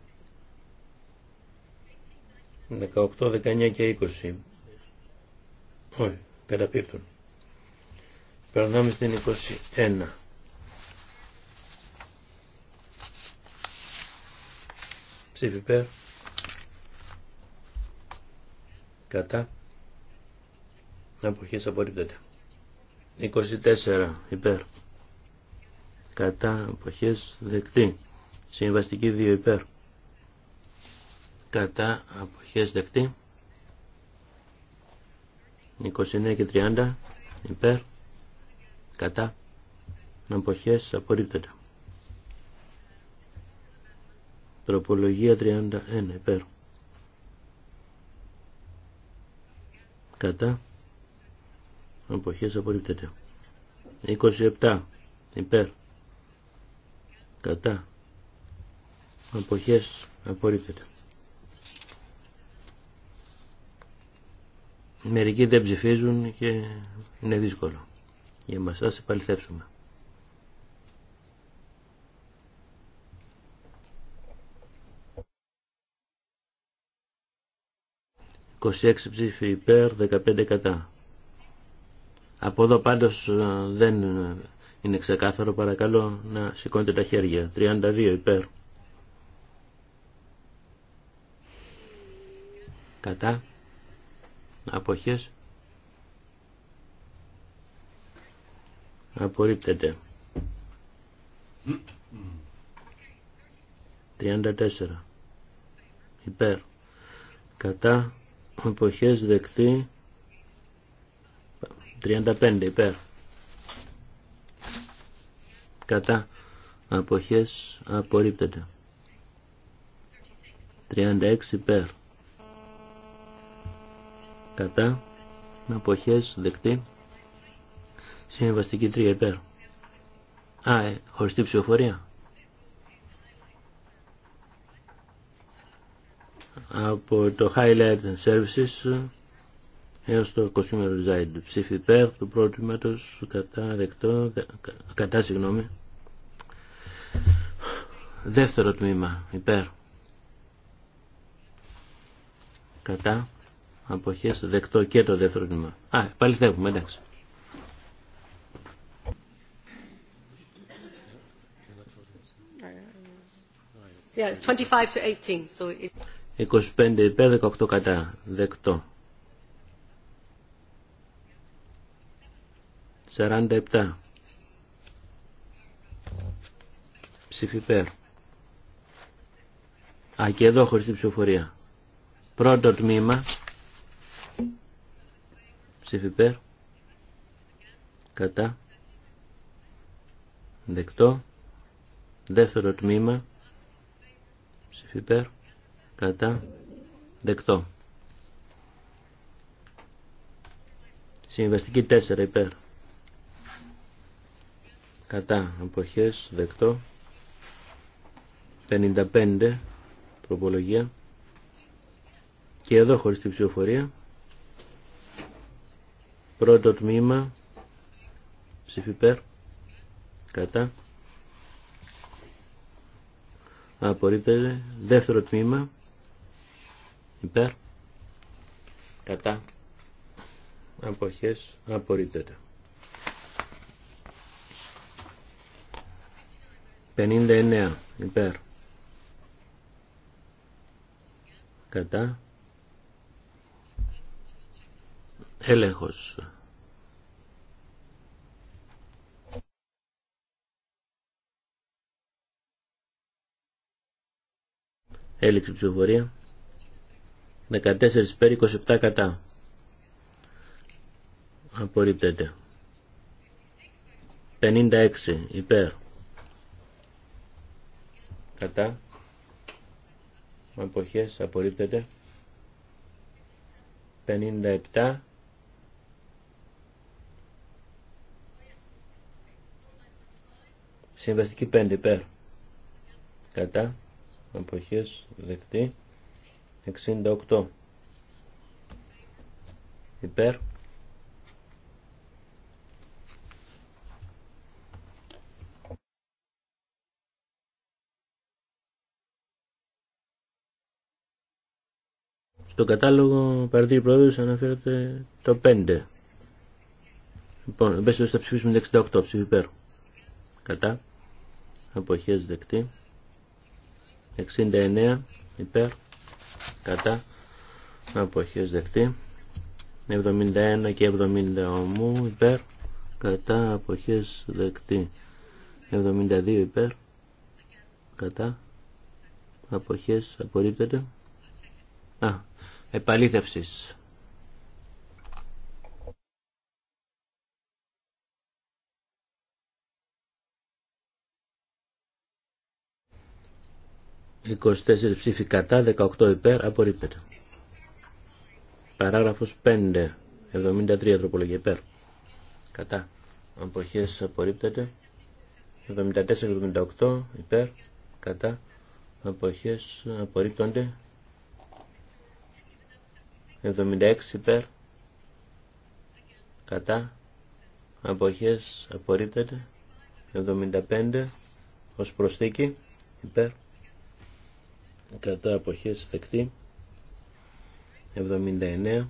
18, 19 και 20. Όχι, καταπίπτουν. Περνάμε στην 21. ψήφι υπέρ κατά αποχές απορρίπτεται 24 υπέρ κατά αποχές δεκτή συμβαστική 2 υπέρ κατά αποχές δεκτή 29 και 30 υπέρ κατά αποχές απορρίπτεται Τροπολογία 31 υπέρ. Κατά. Αποχές απορρίπτεται. 27 υπέρ. Κατά. Αποχές απορρίπτεται. Μερικοί δεν ψηφίζουν και είναι δύσκολο. Για μας σε επαληθεύσουμε. 26 ψήφοι υπέρ, 15 κατά. Από εδώ πάντως ε, δεν είναι ξεκάθαρο, παρακαλώ να σηκώνετε τα χέρια. 32 υπέρ. Κατά. Αποχές. Απορρίπτεται. 34. Υπέρ. Κατά εποχές δεκτή 35 υπέρ κατά αποχές απορρίπτεται 36 υπέρ κατά αποχές δεκτή συμβαστική 3 υπέρ α, ε, χωριστή ψηφοφορία από το Highlight and Services έως το Consumer Design. Ψήφι υπέρ του πρότυματος κατά δεκτό, κατά συγγνώμη. Δεύτερο τμήμα υπέρ. Κατά αποχές δεκτό και το δεύτερο τμήμα. Α, πάλι θέλουμε εντάξει. Yeah, it's 25 to 18, so it... 25 υπέρ 18 κατά. Δεκτό. 47. Ψήφι υπέρ. Α, και εδώ χωρίς την ψηφοφορία. Πρώτο τμήμα. Ψήφι Κατά. Δεκτό. Δεύτερο τμήμα. Ψήφι κατά δεκτό. Συμβαστική 4 υπέρ. Κατά αποχές δεκτό. 55 τροπολογία. Και εδώ χωρίς τη ψηφοφορία. Πρώτο τμήμα ψηφιπέρ, Κατά. Απορρίπτεται. Δεύτερο τμήμα υπέρ κατά αποχές απορρίπτεται 59 υπέρ κατά έλεγχος έληξη ψηφοφορία 14 περί 27 κατά. Απορρίπτεται. 56 υπέρ. Κατά. Αποχές απορρίπτεται. 57 Συμβαστική 5 υπέρ. Κατά. Αποχές δεκτή. 68 υπέρ Στο κατάλογο παρατήρη πρόεδρος αναφέρεται το 5. Λοιπόν, εμπέσχετο θα ψηφίσουμε 68 ψήφι υπέρ. Κατά. Αποχές δεκτή. 69 υπέρ κατά αποχές δεκτή 71 και 70 ομού υπέρ κατά αποχές δεκτή 72 υπέρ κατά αποχές απορρίπτεται α, επαλήθευσης 24 ψήφοι κατά, 18 υπέρ, απορρίπτεται. Παράγραφος 5, 73 τροπολογία υπέρ. Κατά. Αποχές απορρίπτεται. 74-78 υπέρ. Κατά. Αποχές απορρίπτονται. 76 υπέρ. Κατά. Αποχές απορρίπτεται. 75 ως προσθήκη υπέρ κατά αποχές δεκτή 79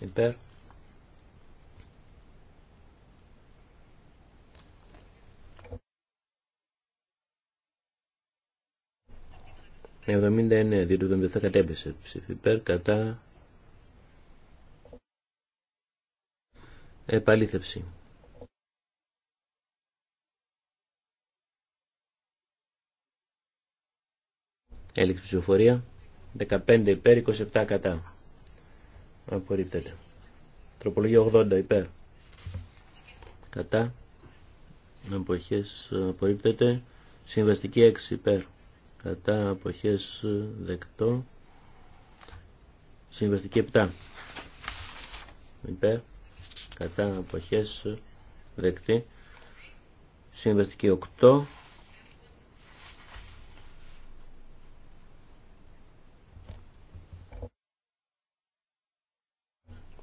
υπέρ Εβδομήντα εννέα, διότι δεν θα κατέβησε Ψήφι υπέρ, κατά, επαλήθευση. Έλεξη ψηφοφορία. 15 υπέρ, 27 κατά. Απορρίπτεται. Τροπολογία 80 υπέρ. Κατά. Αποχές ε, απορρίπτεται. Συμβαστική 6 υπέρ. Κατά αποχές ε, δεκτό. Συμβαστική 7 υπέρ. Κατά αποχές ε, δεκτή. Συμβαστική 8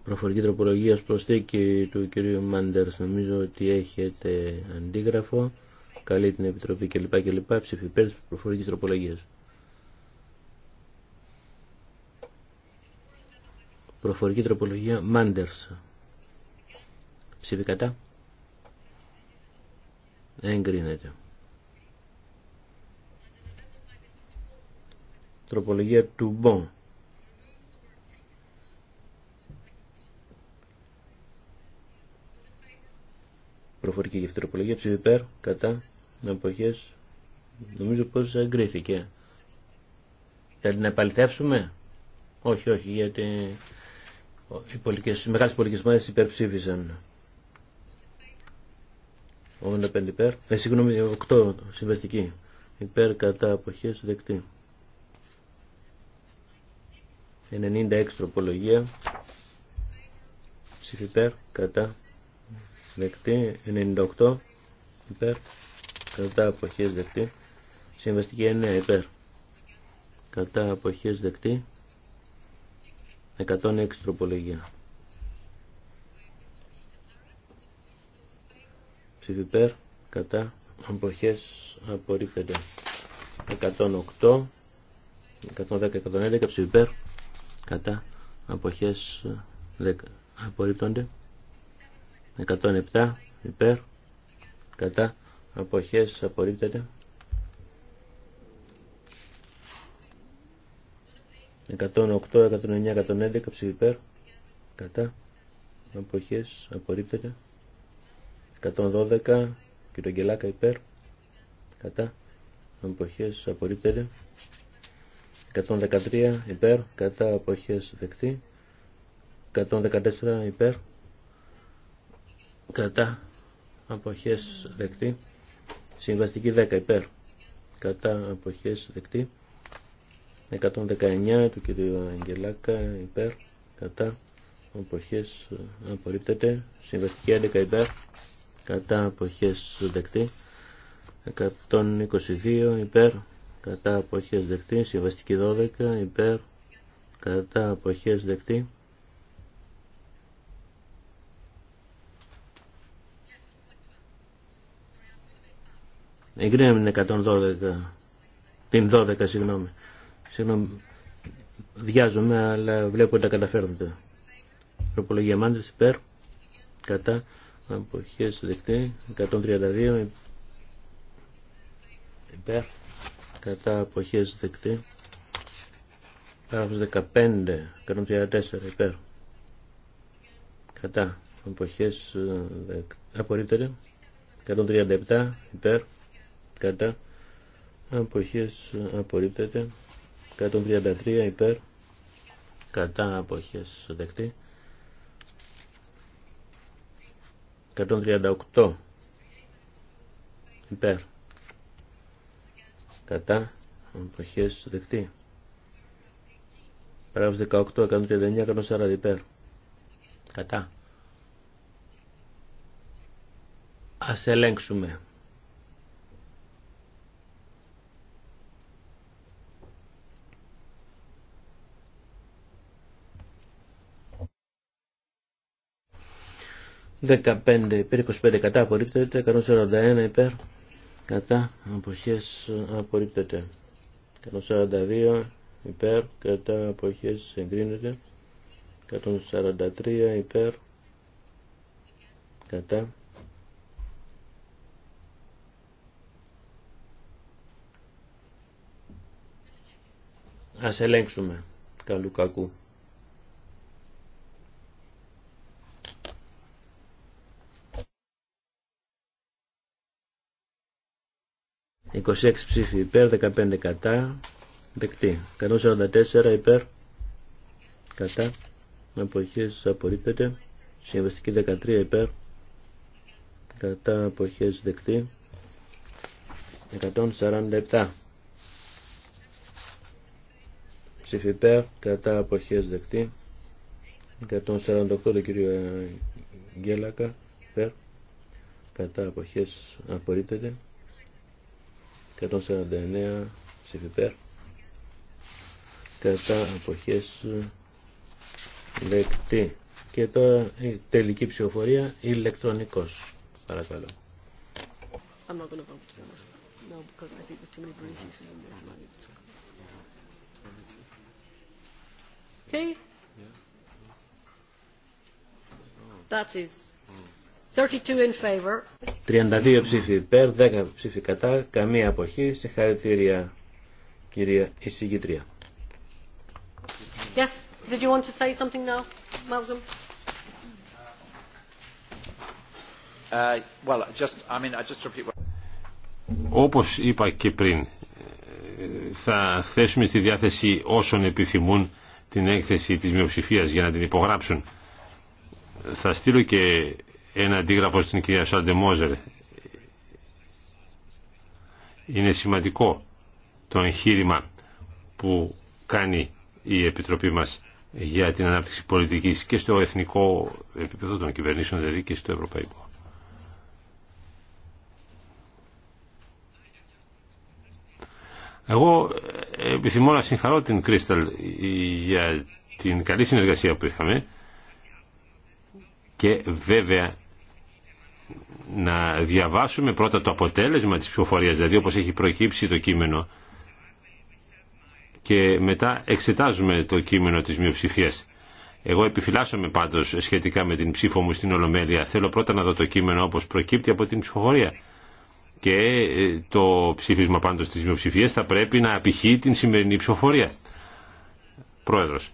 προφορική τροπολογία προσθήκη του κ. Μάντερ. νομίζω ότι έχετε αντίγραφο Καλή την Επιτροπή κλπ. κλπ. ψηφι υπέρ τη προφορικής τροπολογίας προφορική τροπολογία Μάντερ. ψήφι κατά εγκρίνεται τροπολογία του Μπον προφορική και ευθεροπολογία ψήφι πέρ, κατά νομίζω πως εγκρίθηκε θα την επαληθεύσουμε όχι όχι γιατί οι, πολιτικές, οι μεγάλες πολιτικές μάδες υπερψήφισαν 85 υπέρ ε, συγγνώμη 8 συμβαστική υπέρ κατά αποχές δεκτή 96 τροπολογία ψήφι κατά δεκτή 98 υπέρ κατά αποχές δεκτή συμβαστική 9 υπέρ κατά αποχές δεκτή 106 τροπολογία Ψηφιπέρ, υπέρ κατά αποχές απορρίφεται, 108 110-111 ψηφιπέρ κατά αποχές 10 απορρίπτονται 107 υπέρ κατά αποχές απορρίπτεται 108, 109, 111 υπέρ. κατά αποχές απορρίπτεται 112 Γκελάκα υπέρ κατά αποχές απορρίπτεται 113 υπέρ κατά αποχές δεκτή 114 υπέρ κατά αποχές δεκτή συμβαστική 10 υπέρ κατά αποχές δεκτή 119 του κ. Αγγελάκα υπέρ κατά αποχές απορρίπτεται συμβαστική 11 υπέρ κατά αποχές δεκτή 122 υπέρ κατά αποχές δεκτή συμβαστική 12 υπέρ κατά αποχές δεκτή Εγκρίναμε την 112. Την 12, συγγνώμη. Συγγνώμη. Διάζομαι, αλλά βλέπω ότι τα καταφέρνονται. Προπολογία Μάντρες, υπέρ. Κατά. Αποχέ δεκτή. 132. Υπέρ. Κατά. Αποχέ δεκτή. Παράγραφος 15. 134. Υπέρ. Κατά. Αποχές απορρίπτερη. 137 υπέρ κατά αποχές απορρίπτεται 133 υπέρ κατά αποχές δεκτή 138 υπέρ κατά αποχές δεκτή Παράγραφος 18, 139, 140 υπέρ. Κατά. Ας ελέγξουμε. 15 υπέρ 25 κατά απορρίπτεται, 141 υπέρ κατά αποχές απορρίπτεται. 142 υπέρ κατά αποχές εγκρίνεται. 143 υπέρ κατά Ας ελέγξουμε καλού κακού. 26 ψήφοι υπέρ, 15 κατά, δεκτή. 144 υπέρ, κατά, αποχές απορρίπτεται. Συμβαστική 13 υπέρ, κατά αποχές δεκτή. 147 ψήφι υπέρ, κατά αποχές δεκτή. 148 το κύριο Γκέλακα, υπέρ, κατά αποχές απορρίπτεται. 149 ψηφιπέρ κατά αποχές δεκτή και τώρα η τελική ψηφοφορία ηλεκτρονικός παρακαλώ That is mm. 32 ψήφοι υπέρ, 10 ψήφοι κατά, καμία αποχή. Συγχαρητήρια, κυρία εισηγητρία. Yes. Did you want to say something now, Malcolm? Uh, well, just, I mean, I just repeat what... Όπως είπα και πριν, θα θέσουμε στη διάθεση όσων επιθυμούν την έκθεση της μειοψηφίας για να την υπογράψουν. Θα στείλω και ένα αντίγραφο στην κυρία Σάντε Μόζερ. Είναι σημαντικό το εγχείρημα που κάνει η Επιτροπή μας για την ανάπτυξη πολιτικής και στο εθνικό επίπεδο των κυβερνήσεων δηλαδή και στο ευρωπαϊκό. Εγώ επιθυμώ να συγχαρώ την Κρίσταλ για την καλή συνεργασία που είχαμε και βέβαια να διαβάσουμε πρώτα το αποτέλεσμα της ψηφοφορίας, δηλαδή όπως έχει προκύψει το κείμενο και μετά εξετάζουμε το κείμενο της μειοψηφία. Εγώ επιφυλάσσομαι πάντως σχετικά με την ψήφο μου στην Ολομέλεια. Θέλω πρώτα να δω το κείμενο όπως προκύπτει από την ψηφοφορία. Και ε, το ψήφισμα πάντως της μειοψηφίας θα πρέπει να απηχεί την σημερινή ψηφοφορία. Πρόεδρος,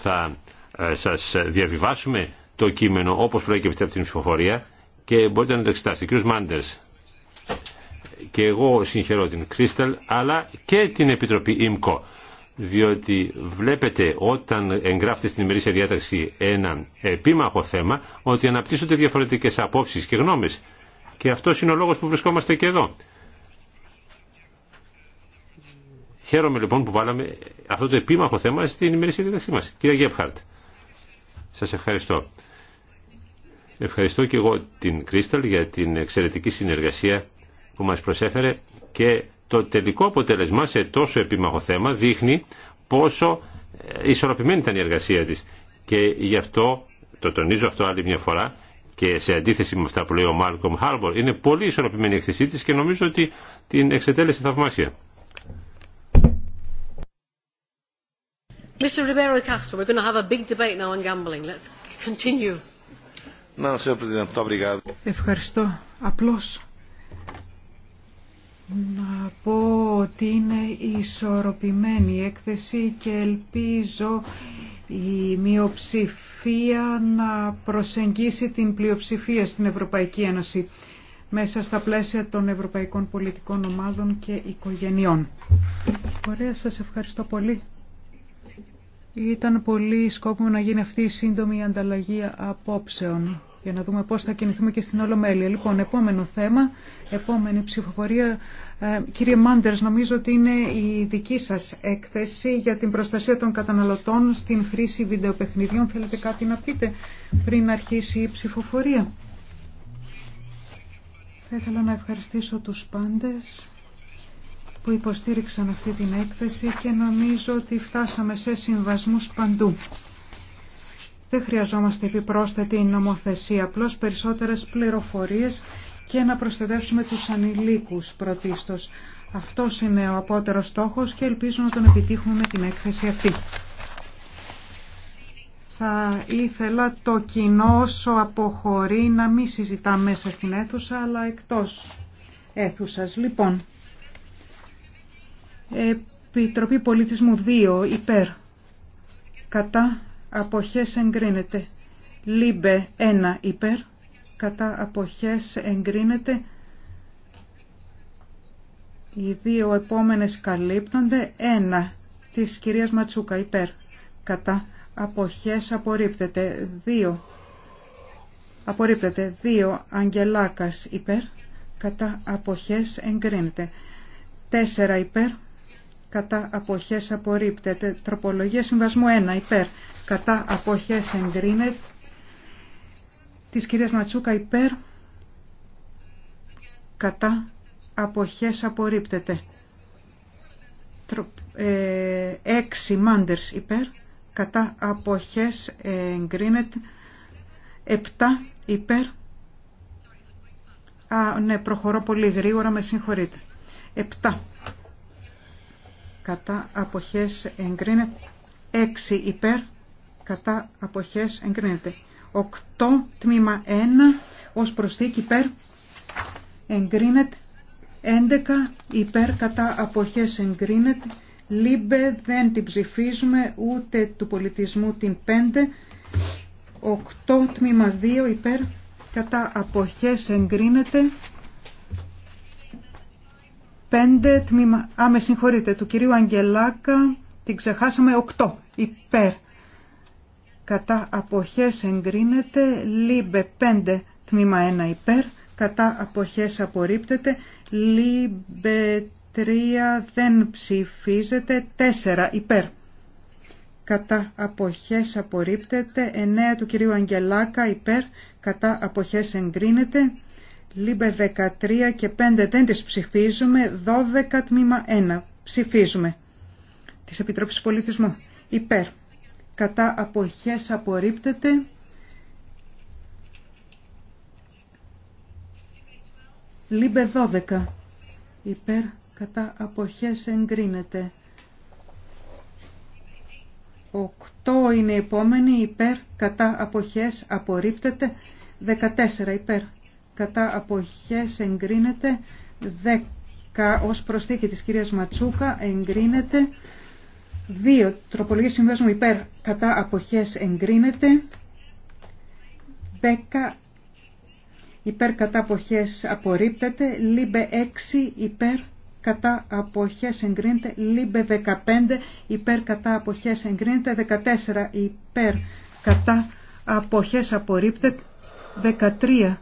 θα ε, σας διαβιβάσουμε το κείμενο όπως προέκυψε από την ψηφοφορία και μπορείτε να το εξετάσετε. Κύριος Μάντερς και εγώ συγχαιρώ την Κρίσταλ αλλά και την Επιτροπή ΙΜΚΟ διότι βλέπετε όταν εγγράφεται στην ημερήσια διάταξη ένα επίμαχο θέμα ότι αναπτύσσονται διαφορετικές απόψεις και γνώμες και αυτό είναι ο λόγος που βρισκόμαστε και εδώ. Χαίρομαι λοιπόν που βάλαμε αυτό το επίμαχο θέμα στην ημερήσια διάταξή μας. Κύριε Γκέπχαρτ, σας ευχαριστώ. Ευχαριστώ και εγώ την Κρίσταλ για την εξαιρετική συνεργασία που μας προσέφερε και το τελικό αποτέλεσμα σε τόσο επίμαχο θέμα δείχνει πόσο ε, ισορροπημένη ήταν η εργασία της. Και γι' αυτό, το τονίζω αυτό άλλη μια φορά, και σε αντίθεση με αυτά που λέει ο Μάλκομ Χάρμπορ, είναι πολύ ισορροπημένη η εκθεσή της και νομίζω ότι την εξετέλεσε θαυμάσια. Mr. Ribeiro Castro, we're going to have a big debate now on gambling. Let's continue. Ευχαριστώ. Απλώς να πω ότι είναι ισορροπημένη η έκθεση και ελπίζω η μειοψηφία να προσεγγίσει την πλειοψηφία στην Ευρωπαϊκή Ένωση μέσα στα πλαίσια των ευρωπαϊκών πολιτικών ομάδων και οικογενειών. Ωραία, σας ευχαριστώ πολύ. Ήταν πολύ σκόπιμο να γίνει αυτή η σύντομη ανταλλαγή απόψεων για να δούμε πώς θα κινηθούμε και στην Ολομέλεια. Λοιπόν, επόμενο θέμα, επόμενη ψηφοφορία. Ε, κύριε Μάντερς, νομίζω ότι είναι η δική σας έκθεση για την προστασία των καταναλωτών στην χρήση βιντεοπαιχνιδιών. Θέλετε κάτι να πείτε πριν αρχίσει η ψηφοφορία. Θα ήθελα να ευχαριστήσω τους πάντες που υποστήριξαν αυτή την έκθεση και νομίζω ότι φτάσαμε σε συμβασμούς παντού. Δεν χρειαζόμαστε επιπρόσθετη νομοθεσία, απλώς περισσότερες πληροφορίες και να προστατεύσουμε τους ανηλίκους πρωτίστως. Αυτό είναι ο απότερος στόχος και ελπίζω να τον επιτύχουμε με την έκθεση αυτή. Θα ήθελα το κοινό όσο αποχωρεί να μην συζητά μέσα στην αίθουσα αλλά εκτός αίθουσας. Λοιπόν, Επιτροπή Πολιτισμού 2 υπέρ κατά αποχές εγκρίνεται. Λίμπε 1 υπέρ, κατά αποχές εγκρίνεται. Οι δύο επόμενες καλύπτονται. 1 της κυρίας Ματσούκα υπέρ, κατά αποχές απορρίπτεται. 2 απορρίπτεται. δύο Αγγελάκας υπέρ, κατά αποχές εγκρίνεται. 4 υπέρ, κατά αποχές απορρίπτεται. Τροπολογία συμβασμού 1 υπέρ κατά αποχές εγκρίνεται. Της κυρίας Ματσούκα υπέρ κατά αποχές απορρίπτεται. Ε, έξι ε, 6 μάντερς υπέρ κατά αποχές εγκρίνεται. 7 υπέρ Α, ναι, προχωρώ πολύ γρήγορα, με συγχωρείτε. 7 κατά αποχές εγκρίνεται 6 υπέρ κατά αποχές εγκρίνεται 8 τμήμα 1 ως προσθήκη υπέρ εγκρίνεται 11 υπέρ κατά αποχές εγκρίνεται Λίμπε δεν την ψηφίζουμε ούτε του πολιτισμού την 5 8 τμήμα 2 υπέρ κατά αποχές εγκρίνεται 5 τμήμα, α με συγχωρείτε, του κυρίου Αγγελάκα, την ξεχάσαμε 8, υπέρ. Κατά αποχές εγκρίνεται, λίμπε 5 τμήμα 1 υπέρ, κατά αποχές απορρίπτεται, λίμπε 3 δεν ψηφίζεται, 4 υπέρ. Κατά αποχές απορρίπτεται, 9 του κυρίου Αγγελάκα υπέρ, κατά αποχές εγκρίνεται, Λίμπε 13 και 5 δεν τις ψηφίζουμε, 12 τμήμα 1 ψηφίζουμε της Επιτροπής Πολιτισμού. Υπέρ. Κατά αποχές απορρίπτεται. Λίμπε 12. Υπέρ. Κατά αποχές εγκρίνεται. 8 είναι η επόμενη. Υπέρ. Κατά αποχές απορρίπτεται. 14 υπέρ κατά αποχές εγκρίνεται 10 ως προσθήκη της κυρίας Ματσούκα εγκρίνεται 2 τροπολογίες συμβιβασμού υπέρ κατά αποχές εγκρίνεται 10 υπέρ κατά αποχές απορρίπτεται λίμπε 6 υπέρ κατά αποχές εγκρίνεται λίμπε 15 υπέρ κατά αποχές εγκρίνεται 14 υπέρ κατά αποχές απορρίπτεται 13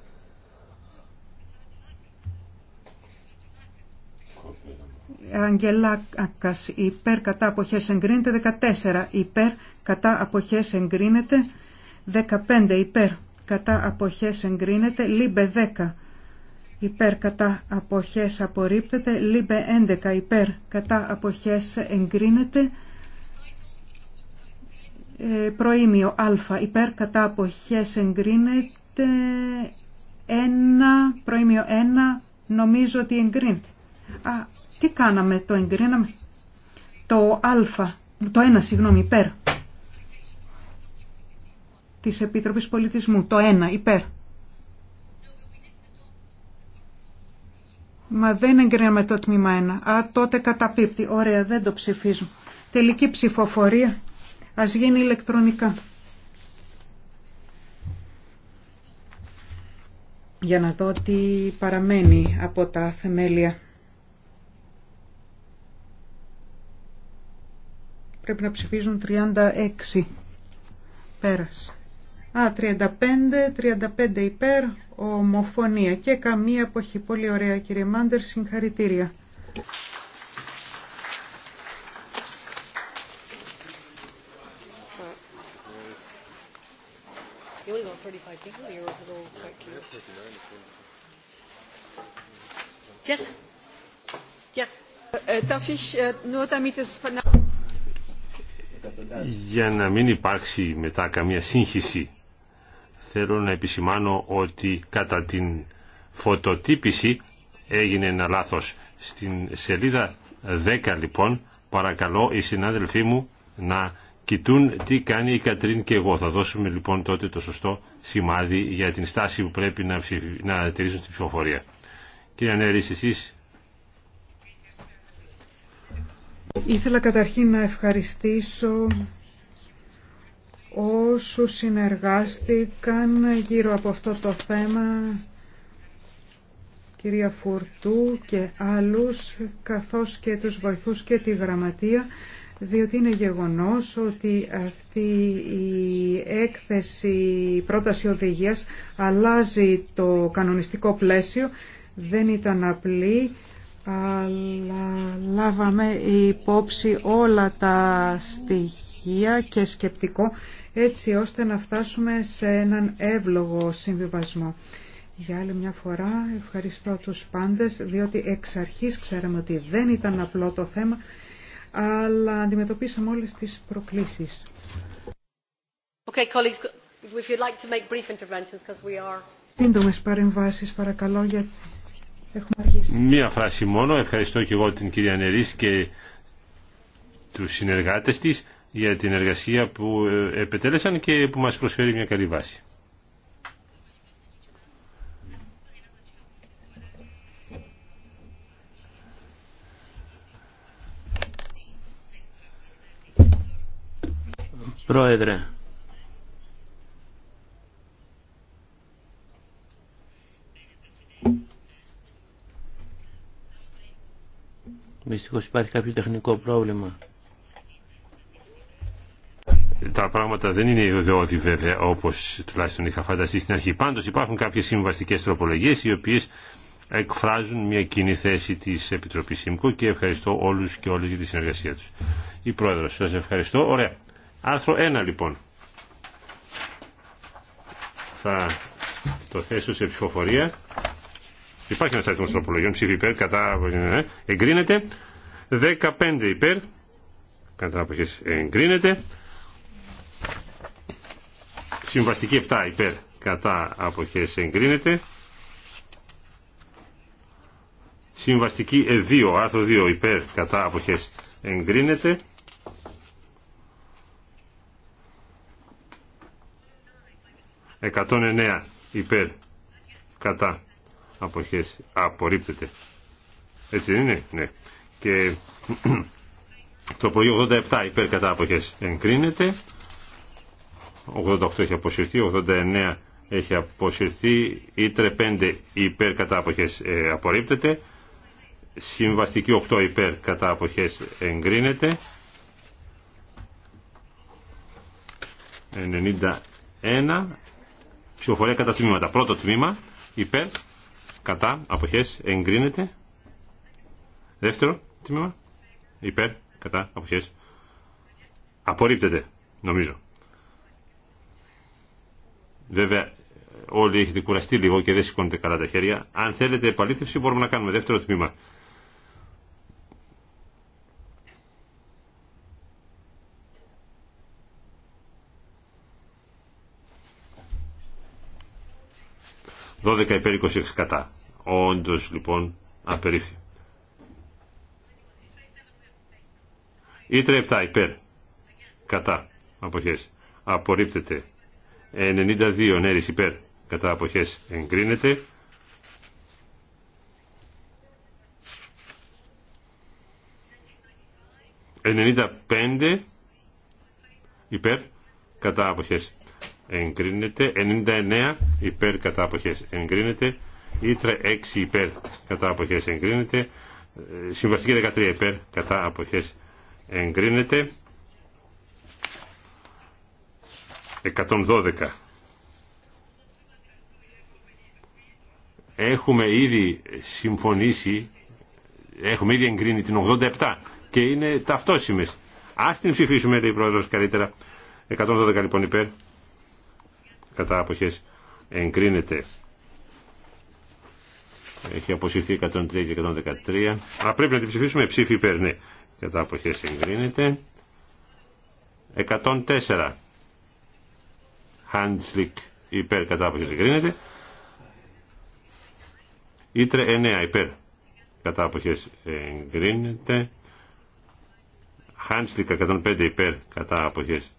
Αγγελάκα υπέρ κατά αποχές εγκρίνεται 14 υπέρ κατά αποχές εγκρίνεται 15 υπέρ κατά αποχές εγκρίνεται λίμπε 10 υπέρ κατά αποχές απορρίπτεται λίμπε 11 υπέρ κατά αποχές εγκρίνεται ε, προήμιο α υπέρ κατά αποχές εγκρίνεται 1 προήμιο 1 νομίζω ότι εγκρίνεται Α, τι κάναμε, το εγκρίναμε. Το α, το ένα συγγνώμη, υπέρ. Της Επίτροπης Πολιτισμού, το ένα, υπέρ. Μα δεν εγκρίναμε το τμήμα 1. Α, τότε καταπίπτει. Ωραία, δεν το ψηφίζουμε. Τελική ψηφοφορία. Ας γίνει ηλεκτρονικά. Για να δω τι παραμένει από τα θεμέλια. Πρέπει να ψηφίζουν 36. Πέρασε. Α, 35, 35 υπέρ, ομοφωνία και καμία εποχή. Πολύ ωραία κύριε Μάντερ, συγχαρητήρια. Yes. Yes. Darf ich nur damit es για να μην υπάρξει μετά καμία σύγχυση, θέλω να επισημάνω ότι κατά την φωτοτύπηση έγινε ένα λάθος. Στην σελίδα 10 λοιπόν παρακαλώ οι συνάδελφοί μου να κοιτούν τι κάνει η Κατρίν και εγώ. Θα δώσουμε λοιπόν τότε το σωστό σημάδι για την στάση που πρέπει να, ψηφι... να τηρήσουν στην ψηφοφορία. Κύριε Ανέρης, εσείς Ήθελα καταρχήν να ευχαριστήσω όσους συνεργάστηκαν γύρω από αυτό το θέμα, κυρία Φουρτού και άλλους, καθώς και τους βοηθούς και τη γραμματεία, διότι είναι γεγονός ότι αυτή η έκθεση, η πρόταση οδηγίας αλλάζει το κανονιστικό πλαίσιο, δεν ήταν απλή, αλλά λάβαμε υπόψη όλα τα στοιχεία και σκεπτικό έτσι ώστε να φτάσουμε σε έναν εύλογο συμβιβασμό. Για άλλη μια φορά ευχαριστώ τους πάντες διότι εξ αρχής ξέραμε ότι δεν ήταν απλό το θέμα αλλά αντιμετωπίσαμε όλες τις προκλήσεις. Okay, colleagues, if you'd like Σύντομες παρεμβάσεις παρακαλώ Μία φράση μόνο. Ευχαριστώ και εγώ την κυρία Νερίς και τους συνεργάτες της για την εργασία που ε, επετέλεσαν και που μας προσφέρει μια καλή βάση. Πρόεδρε, Μυστικώς υπάρχει κάποιο τεχνικό πρόβλημα. Τα πράγματα δεν είναι ιδεώδη βέβαια όπως τουλάχιστον είχα φανταστεί στην αρχή. Πάντως υπάρχουν κάποιες συμβαστικές τροπολογίες οι οποίες εκφράζουν μια κοινή θέση της Επιτροπής ΣΥΜΚΟ και ευχαριστώ όλους και όλες για τη συνεργασία τους. Η Πρόεδρος, σας ευχαριστώ. Ωραία. Άρθρο 1 λοιπόν. Θα το θέσω σε ψηφοφορία. Υπάρχει να των τροπολογιών, ψήφι υπέρ, κατά, ε, εγκρίνεται. 15 υπέρ, κατά αποχές εγκρίνεται. Συμβαστική 7 υπέρ, κατά αποχές εγκρίνεται. Συμβαστική 2, ε, άρθρο 2 υπέρ, κατά αποχές εγκρίνεται. «109 υπέρ κατά αποχές απορρίπτεται. Έτσι δεν είναι, ναι. Και (clears throat) το 87 υπέρ κατά αποχές εγκρίνεται. 88 έχει αποσυρθεί, 89 έχει αποσυρθεί, ήτρε 5 υπέρ κατά αποχές ε, απορρίπτεται. Συμβαστική 8 υπέρ κατά αποχές εγκρίνεται. 91 ψηφοφορία κατά τμήματα. Πρώτο τμήμα υπέρ κατά, αποχές, εγκρίνεται. Δεύτερο τμήμα, υπέρ, κατά, αποχές, απορρίπτεται, νομίζω. Βέβαια, όλοι έχετε κουραστεί λίγο και δεν σηκώνετε καλά τα χέρια. Αν θέλετε επαλήθευση μπορούμε να κάνουμε δεύτερο τμήμα 12 υπέρ 26 κατά. κάτά, λοιπόν απερίφθη. Ήτρε 7 υπέρ. Κατά. Αποχές. Απορρίπτεται. 92 νέρις υπέρ. Κατά αποχές εγκρίνεται. ...95 υπέρ κατά αποχές εγκρίνεται 99 υπέρ κατά αποχές εγκρίνεται ήτρε 6 υπέρ κατά αποχές εγκρίνεται ε, συμβαστική 13 υπέρ κατά αποχές εγκρίνεται 112 έχουμε ήδη συμφωνήσει έχουμε ήδη εγκρίνει την 87 και είναι ταυτόσιμες ας την ψηφίσουμε λέει η πρόεδρος καλύτερα 112 λοιπόν υπέρ κατά αποχές εγκρίνεται έχει αποσυρθεί 103 και 113 α πρέπει να την ψηφίσουμε ψήφι υπέρ ναι κατά αποχές εγκρίνεται 104 Handslick υπέρ κατά αποχές εγκρίνεται Ήτρε 9 υπέρ κατά αποχές εγκρίνεται Χαντσλικ 105 υπέρ κατά αποχές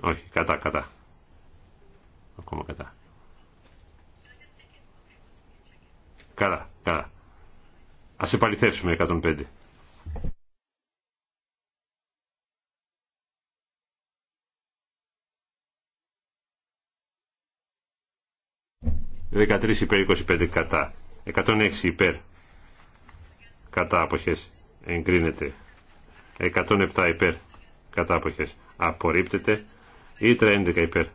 όχι κατά κατά ακόμα Καλά, καλά. Ας επαληθεύσουμε 105. 13 υπέρ, 25 κατά. 106 υπέρ. Κατά αποχές. Εγκρίνεται. 107 υπέρ. Κατά αποχές. Απορρίπτεται. Ήτρα 11 υπέρ.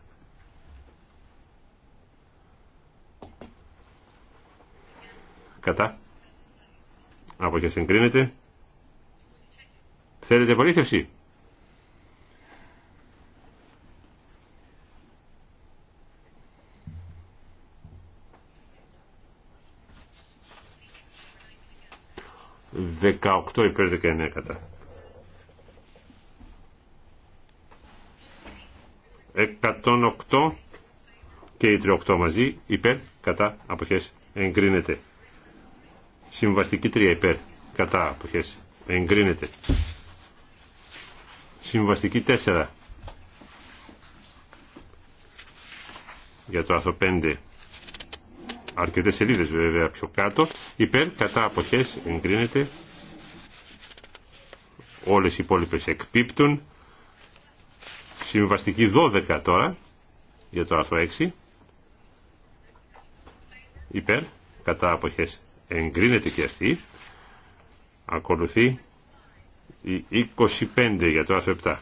Κατά. Αποχέ εγκρίνεται. Θέλετε απολύθευση. 18 υπέρ 19 κατά. 108 και οι 38 μαζί υπέρ κατά αποχέ. Εγκρίνεται. Συμβαστική 3 υπέρ. Κατά αποχές. Εγκρίνεται. Συμβαστική 4. Για το άρθρο 5. Αρκετές σελίδες βέβαια πιο κάτω. Υπέρ. Κατά αποχές. Εγκρίνεται. Όλες οι υπόλοιπες εκπίπτουν. Συμβαστική 12 τώρα. Για το άρθρο 6. Υπέρ. Κατά αποχές εγκρίνεται και αυτή. Ακολουθεί η 25 για το άρθρο 7.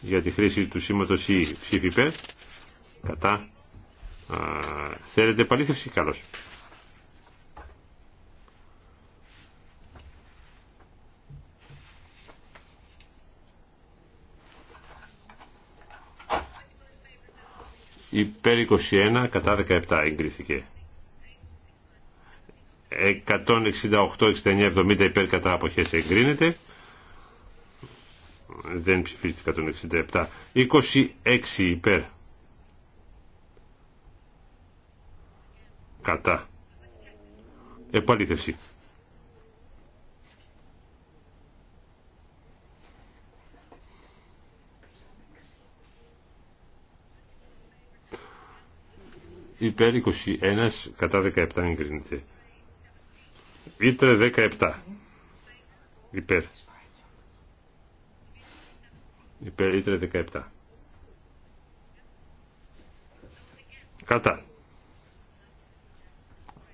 για τη χρήση του σήματος ή Κατά. θέλετε επαλήθευση. Καλώς. υπέρ 21 κατά 17 εγκρίθηκε 168, 69, 70 υπέρ κατά αποχές εγκρίνεται δεν ψηφίστηκε 167 26 υπέρ κατά επαλήθευση υπέρ 21 κατά 17 εγκρίνεται. Ήτρε 17 υπέρ. Υπέρ ήτρε 17. Κατά.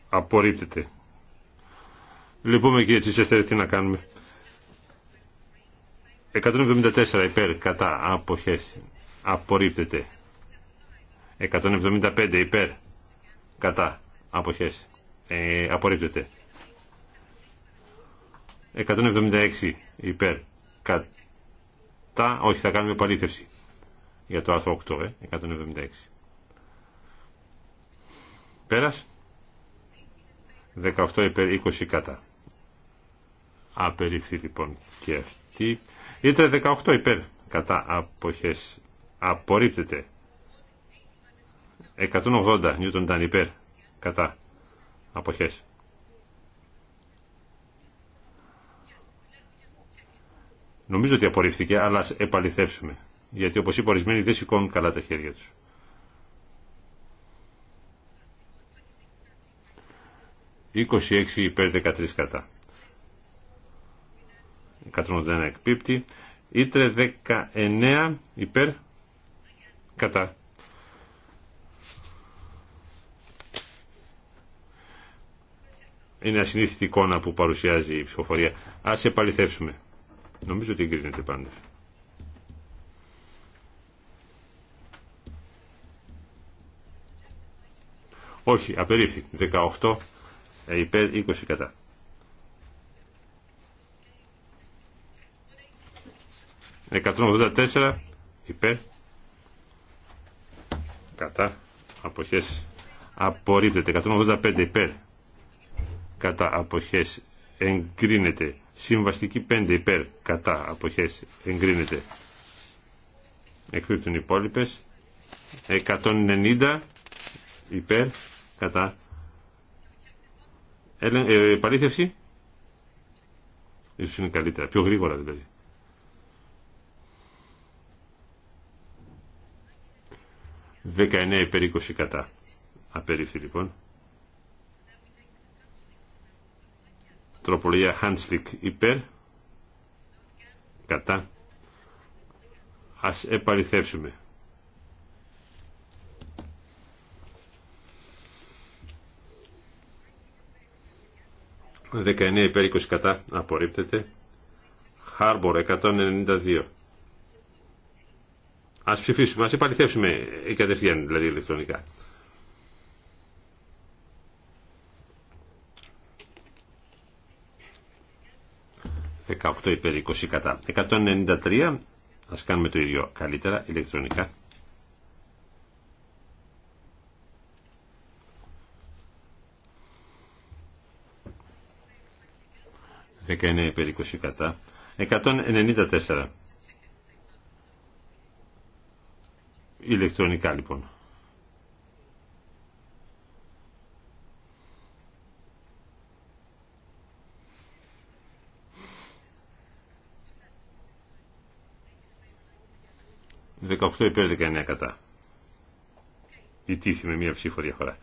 Απορρίπτεται. Λυπούμε και έτσι σε τι να κάνουμε. 174 υπέρ κατά αποχές. Απορρίπτεται. 175 υπέρ κατά αποχές ε, απορρίπτεται 176 υπέρ κατά όχι θα κάνουμε παρήθευση για το άρθρο 8 ε, 176 πέρας 18 υπέρ 20 κατά απερίφθη λοιπόν και αυτή Ήταν 18 υπέρ κατά αποχές απορρίπτεται 180 Νιούτον ήταν υπέρ. Κατά. Αποχές. Νομίζω ότι απορρίφθηκε, αλλά ας επαληθεύσουμε. Γιατί όπως είπα ορισμένοι δεν σηκώνουν καλά τα χέρια τους. «26 υπέρ 13 κατά». 181 εκπίπτει. «Ήτρε 19 υπέρ κατά». είναι ασυνήθιστη εικόνα που παρουσιάζει η ψηφοφορία. Ας επαληθεύσουμε. Νομίζω ότι εγκρίνεται πάντω. Όχι, απερίφθη. 18 ε, υπέρ 20 κατά. 184 υπέρ κατά αποχές απορρίπτεται 185 υπέρ κατά αποχές εγκρίνεται. Συμβαστική 5 υπέρ κατά αποχές εγκρίνεται. Εκπίπτουν οι υπόλοιπες. 190 υπέρ κατά ε, παρήθευση. Ίσως είναι καλύτερα, πιο γρήγορα δηλαδή. 19 υπέρ 20 κατά. Απερίφθη λοιπόν. Τροπολογία Χάντσλικ υπέρ. Κατά. Ας επαληθεύσουμε. Δεκαεννέα υπέρ 20 κατά. Απορρίπτεται. Χάρμπορ 192. Ας ψηφίσουμε, ας επαληθεύσουμε η κατευθείαν δηλαδή ηλεκτρονικά. 18 υπέρ 20 κατά. 193, ας κάνουμε το ίδιο καλύτερα, ηλεκτρονικά. Δεκαεννέα υπέρ 20 κατά. 194. Ηλεκτρονικά λοιπόν. 18 υπέρ 19 κατά. Η τύχη με μία ψήφο διαφορά.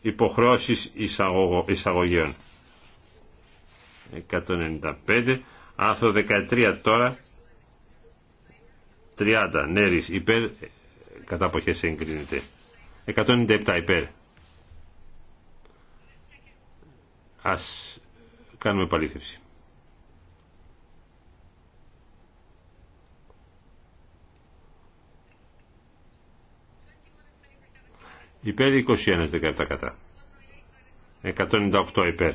Υποχρώσεις εισαγωγέων. 195. Άθρο 13 τώρα. 30. Νέρης υπέρ. Κατά αποχές εγκρίνεται. 197 υπέρ. Ας κάνουμε επαλήθευση. Υπέρ 21, 17 κατά. 198 υπέρ.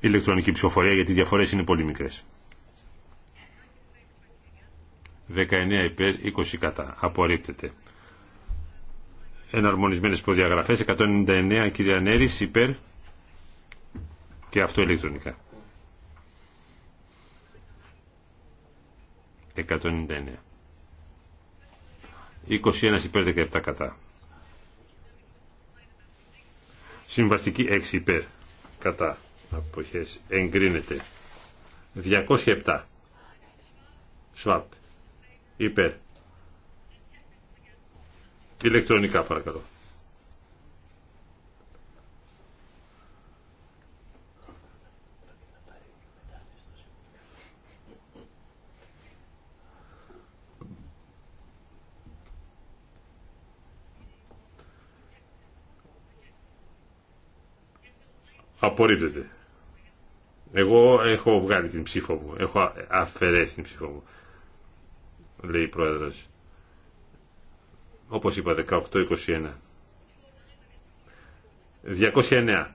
Ηλεκτρονική ψηφοφορία γιατί οι διαφορές είναι πολύ μικρές. 19 υπέρ, 20 κατά. Απορρίπτεται. Εναρμονισμένες προδιαγραφές. 199 κυρία Νέρης υπέρ και αυτό ηλεκτρονικά. 21 υπέρ 17 κατά. Συμβαστική 6 υπέρ κατά αποχές εγκρίνεται. 207. Σβάπ. Υπέρ. Ηλεκτρονικά παρακαλώ. Απορρίπτεται. Εγώ έχω βγάλει την ψήφο μου. Έχω αφαιρέσει την ψήφο μου. Λέει η πρόεδρος. Όπως είπα 18-21. 209.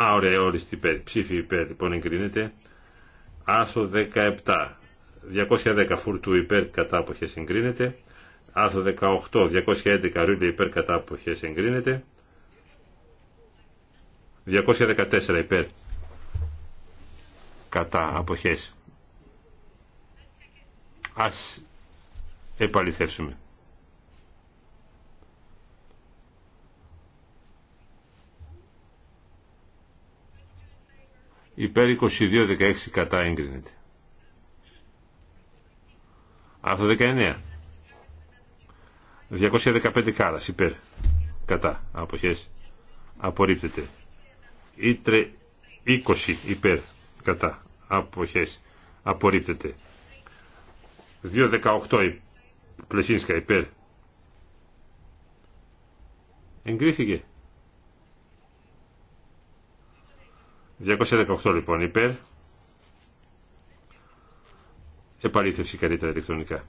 Α, ωραία, στην υπέρ. Ψήφι υπέρ, λοιπόν, εγκρίνεται. Άρθρο 17. 210 φουρτού υπέρ κατά αποχές εγκρίνεται. Άρθρο 18. 211 ρούλια υπέρ κατά αποχές εγκρίνεται. 214 υπέρ κατά αποχές. Ας επαληθεύσουμε. Υπέρ 22-16 κατά έγκρινεται. Άρθρο 19. 215 κάρας υπέρ κατά αποχές. Απορρίπτεται. Ήτρε 20 υπέρ κατά αποχές απορρίπτεται. 2.18 Πλεσίνσκα υπέρ. Εγκρίθηκε. 218 λοιπόν υπέρ. Επαλήθευση καλύτερα ηλεκτρονικά.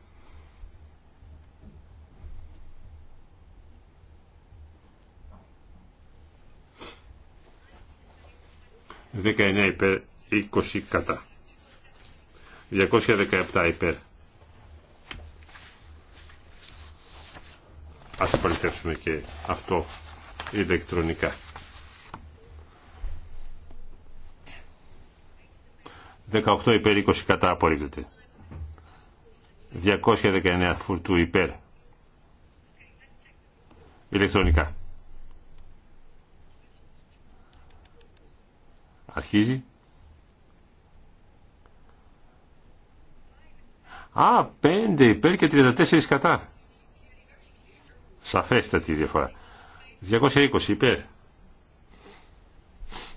19 υπέρ, 20 κατά. 217 υπέρ. Ας απολυτεύσουμε και αυτό ηλεκτρονικά. ...18 υπέρ 20 κατά απορρίπτεται. 219 φουρτού υπέρ. Ηλεκτρονικά. Αρχίζει. Α, 5 υπέρ και 34 κατά. Σαφέστατη διαφορά. 220 υπέρ.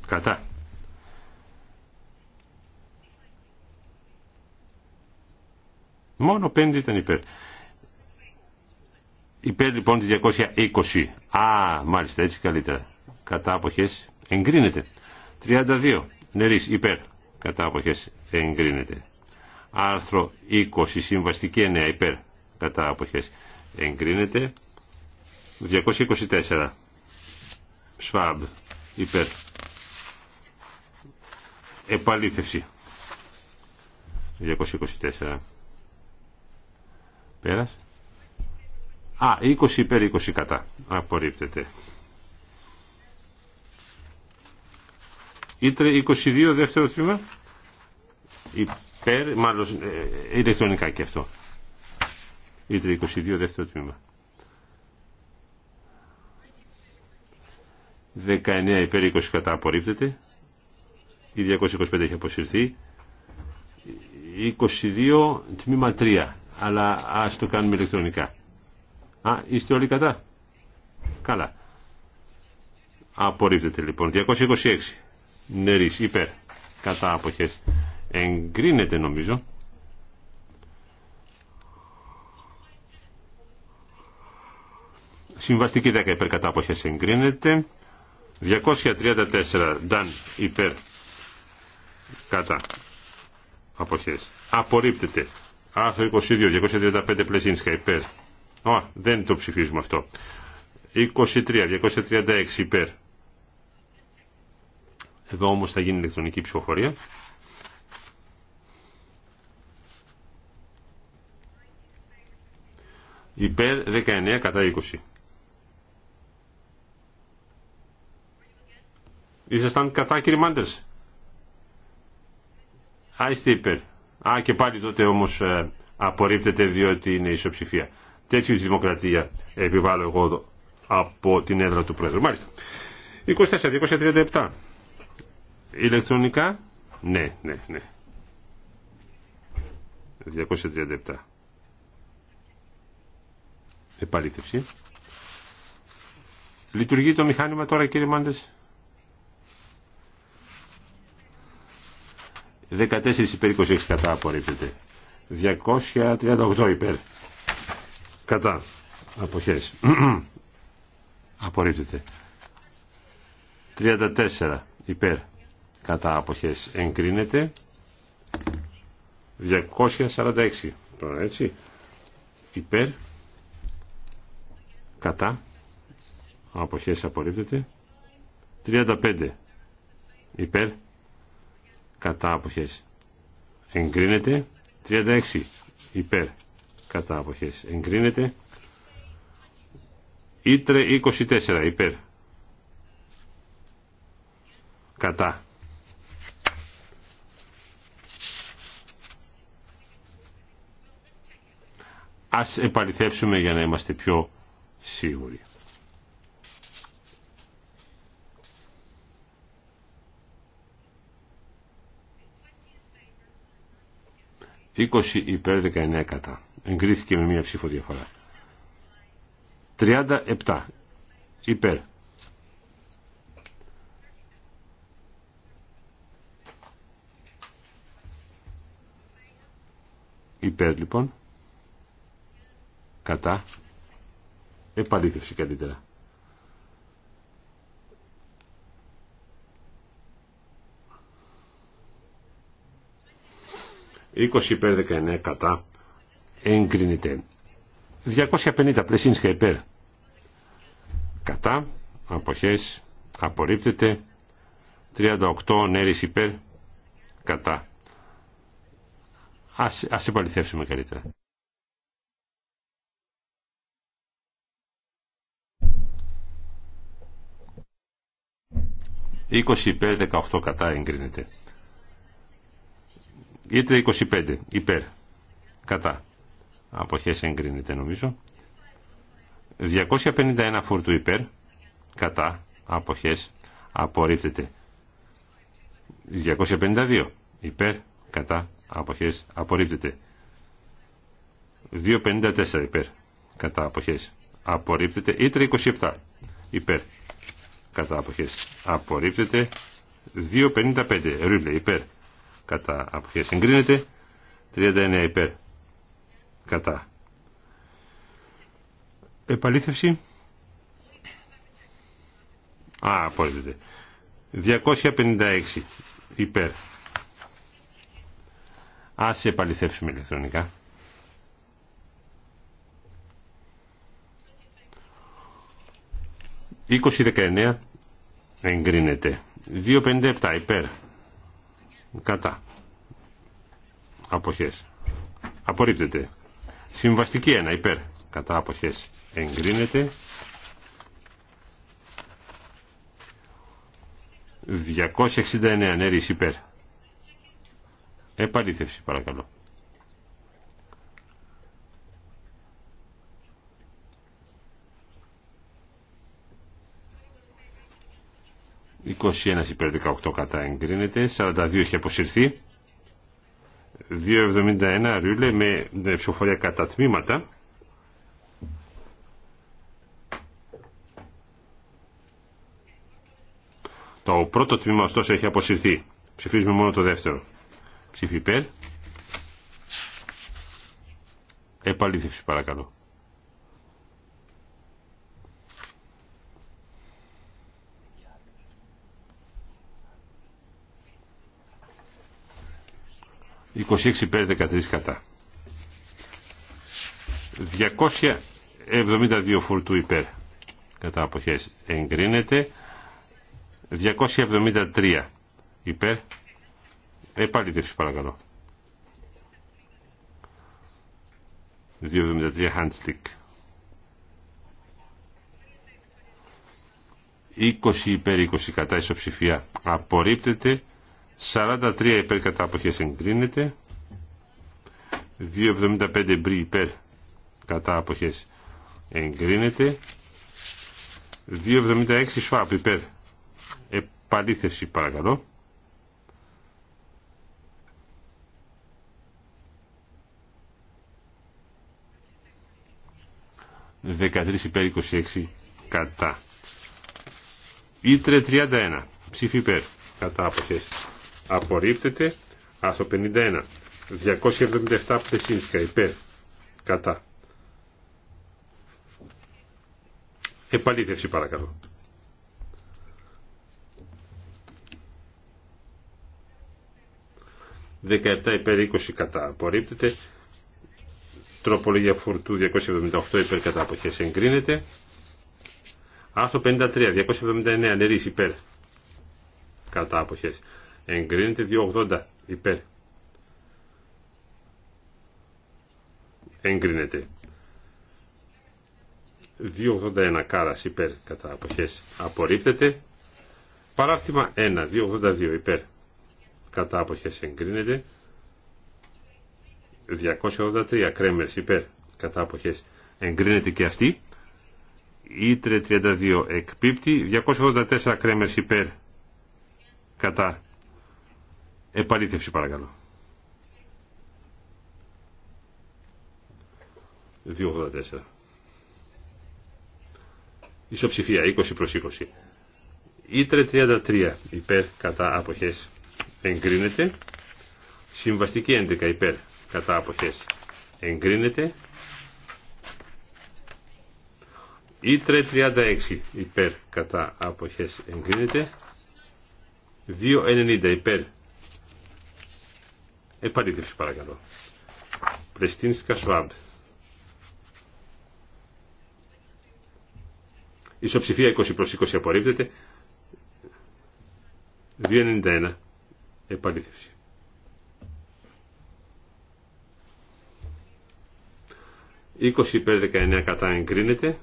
Κατά. Μόνο 5 ήταν υπέρ. Υπέρ λοιπόν τη 220. Α, μάλιστα έτσι καλύτερα. Κατά αποχές εγκρίνεται. 32. Νερίς υπέρ. Κατά αποχέ εγκρίνεται. Άρθρο 20. Συμβαστική 9 υπέρ. Κατά αποχέ εγκρίνεται. 224. Σφάμπ υπέρ. Επαλήθευση. 224. Πέρας. Α, 20 υπέρ 20 κατά. Απορρίπτεται. Ήτρε 22 δεύτερο τμήμα. Υπέρ, μάλλον ε, ηλεκτρονικά και αυτό. Ήτρε 22 δεύτερο τμήμα. 19 υπέρ 20 κατά απορρίπτεται. Η 225 έχει αποσυρθεί. 22 τμήμα 3. Αλλά ας το κάνουμε ηλεκτρονικά. Α, είστε όλοι κατά. Καλά. Απορρίπτεται λοιπόν. 226 νερίς υπέρ κατά αποχές εγκρίνεται νομίζω συμβαστική 10 υπέρ κατά αποχές εγκρίνεται 234 νταν υπέρ κατά αποχές απορρίπτεται άρθρο 22 235 πλεσίνσκα υπέρ Ω, δεν το ψηφίζουμε αυτό 23 236 υπέρ εδώ όμως θα γίνει ηλεκτρονική ψηφοφορία. Υπέρ 19 κατά 20. Ήσασταν κατά κύριε Μάντερς. Α, είστε υπέρ. Α, και πάλι τότε όμως ε, απορρίπτεται διότι είναι ισοψηφία. Τέτοιου δημοκρατία επιβάλλω εγώ εδώ από την έδρα του Πρόεδρου. Μάλιστα. 24-237. Ηλεκτρονικά. Ναι, ναι, ναι. 237. Επαλήθευση. Λειτουργεί το μηχάνημα τώρα κύριε Μάντες. 14 υπέρ 26 κατά απορρίπτεται. 238 υπέρ. Κατά. Αποχές. (clears throat) απορρίπτεται. 34 υπέρ κατά αποχές εγκρίνεται 246 τώρα έτσι υπέρ κατά αποχές απορρίπτεται 35 υπέρ κατά αποχές εγκρίνεται 36 υπέρ κατά αποχές εγκρίνεται Ήτρε 24 υπέρ κατά Ας επαληθεύσουμε για να είμαστε πιο σίγουροι. Είκοσι υπέρ 19 κατά. Εγκρίθηκε με μία ψήφο διαφορά. 37 υπέρ. υπέρ λοιπόν κατά επαλήθευση καλύτερα. «20 υπέρ 19 κατά εγκρίνεται. 250 πλεσίνσκα υπέρ. Κατά, αποχές, απορρίπτεται. 38 νέρις υπέρ, κατά. Ας, ας επαληθεύσουμε καλύτερα. 20 υπέρ, 18 κατά εγκρίνεται. Είτε 25 υπέρ, κατά. Αποχές εγκρίνεται νομίζω. 251 φουρτού υπέρ, κατά. Αποχές απορρίπτεται. 252 υπέρ, κατά. Αποχές απορρίπτεται. 254 υπέρ, κατά. Αποχές απορρίπτεται. Ήτρε 27 υπέρ, κατά αποχές απορρίπτεται 2.55 ρούλε υπέρ κατά αποχές εγκρίνεται 39 υπέρ κατά επαλήθευση α απορρίπτεται 256 υπέρ ας επαληθεύσουμε ηλεκτρονικά 20-19 εγκρίνεται. 2-57 υπέρ. Κατά. Αποχές. Απορρίπτεται. Συμβαστική 1 υπέρ. Κατά αποχές. Εγκρίνεται. 269 νέρις υπέρ. Επαλήθευση παρακαλώ. 21 υπέρ 18 κατά εγκρίνεται. 42 έχει αποσυρθεί. 2,71 ρούλε με ψηφοφορία κατά τμήματα. Το πρώτο τμήμα ωστόσο έχει αποσυρθεί. Ψηφίζουμε μόνο το δεύτερο. Ψήφι υπέρ. Επαλήθευση παρακαλώ. 26 υπέρ 13 κατά. 272 φορτού υπέρ κατά αποχές εγκρίνεται. 273 υπέρ. δεύση παρακαλώ. 273 handstick. 20 υπέρ 20 κατά ισοψηφία απορρίπτεται. 43 υπέρ κατά αποχές εγκρίνεται. 2.75 μπρι υπέρ κατά αποχές εγκρίνεται. 2.76 σφάπ υπέρ επαλήθευση παρακαλώ. Δεκατρεις υπέρ 26 κατά. Ήτρε 31 ψήφι υπέρ κατά αποχές απορρίπτεται. Άρθρο 51. 277 Πλεσίνσκα υπέρ κατά. Επαλήθευση παρακαλώ. ...17 υπέρ 20 κατά απορρίπτεται... ...τροπολογία φορτού 278 υπέρ κατά αποχές εγκρίνεται... ...άρθρο 53, 279 νερίς υπέρ κατά αποχές Εγκρίνεται 2.80 υπέρ. Εγκρίνεται. 2.81 κάρας υπέρ κατά αποχές απορρίπτεται. Παράρτημα 1. 2.82 υπέρ κατά αποχές εγκρίνεται. 283 κρέμερς υπέρ κατά αποχές εγκρίνεται και αυτή. Ήτρε 32 εκπίπτει. 284 κρέμερς υπέρ κατά Επαλήθευση παρακαλώ. 2,84. Ισοψηφία 20 προς 20. Ήτρε 33 υπέρ κατά αποχές εγκρίνεται. Συμβαστική 11 υπέρ κατά αποχές εγκρίνεται. Ήτρε 36 υπέρ κατά αποχές εγκρίνεται. 2,90 υπέρ Επαλήθευση παρακαλώ. Πρεστίνσκα Σουάμπ. Ισοψηφία 20 προς 20 απορρίπτεται. 2.91. Επαλήθευση. Είκοσι υπέρ 19 κατά εγκρίνεται.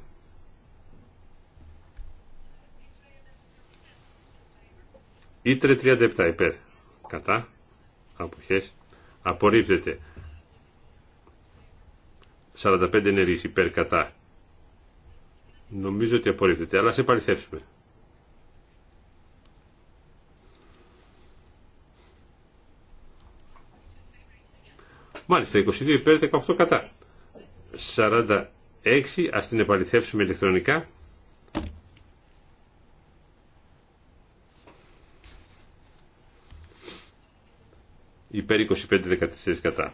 Ήτρε 37 υπέρ. Κατά. Αποχές απορρίπτεται 45 ενεργείς υπέρ κατά νομίζω ότι απορρίπτεται αλλά σε επαληθεύσουμε. Μάλιστα, 22 υπέρ 18 κατά. 46, ας την επαληθεύσουμε ηλεκτρονικά. υπέρ 25-14 κατά.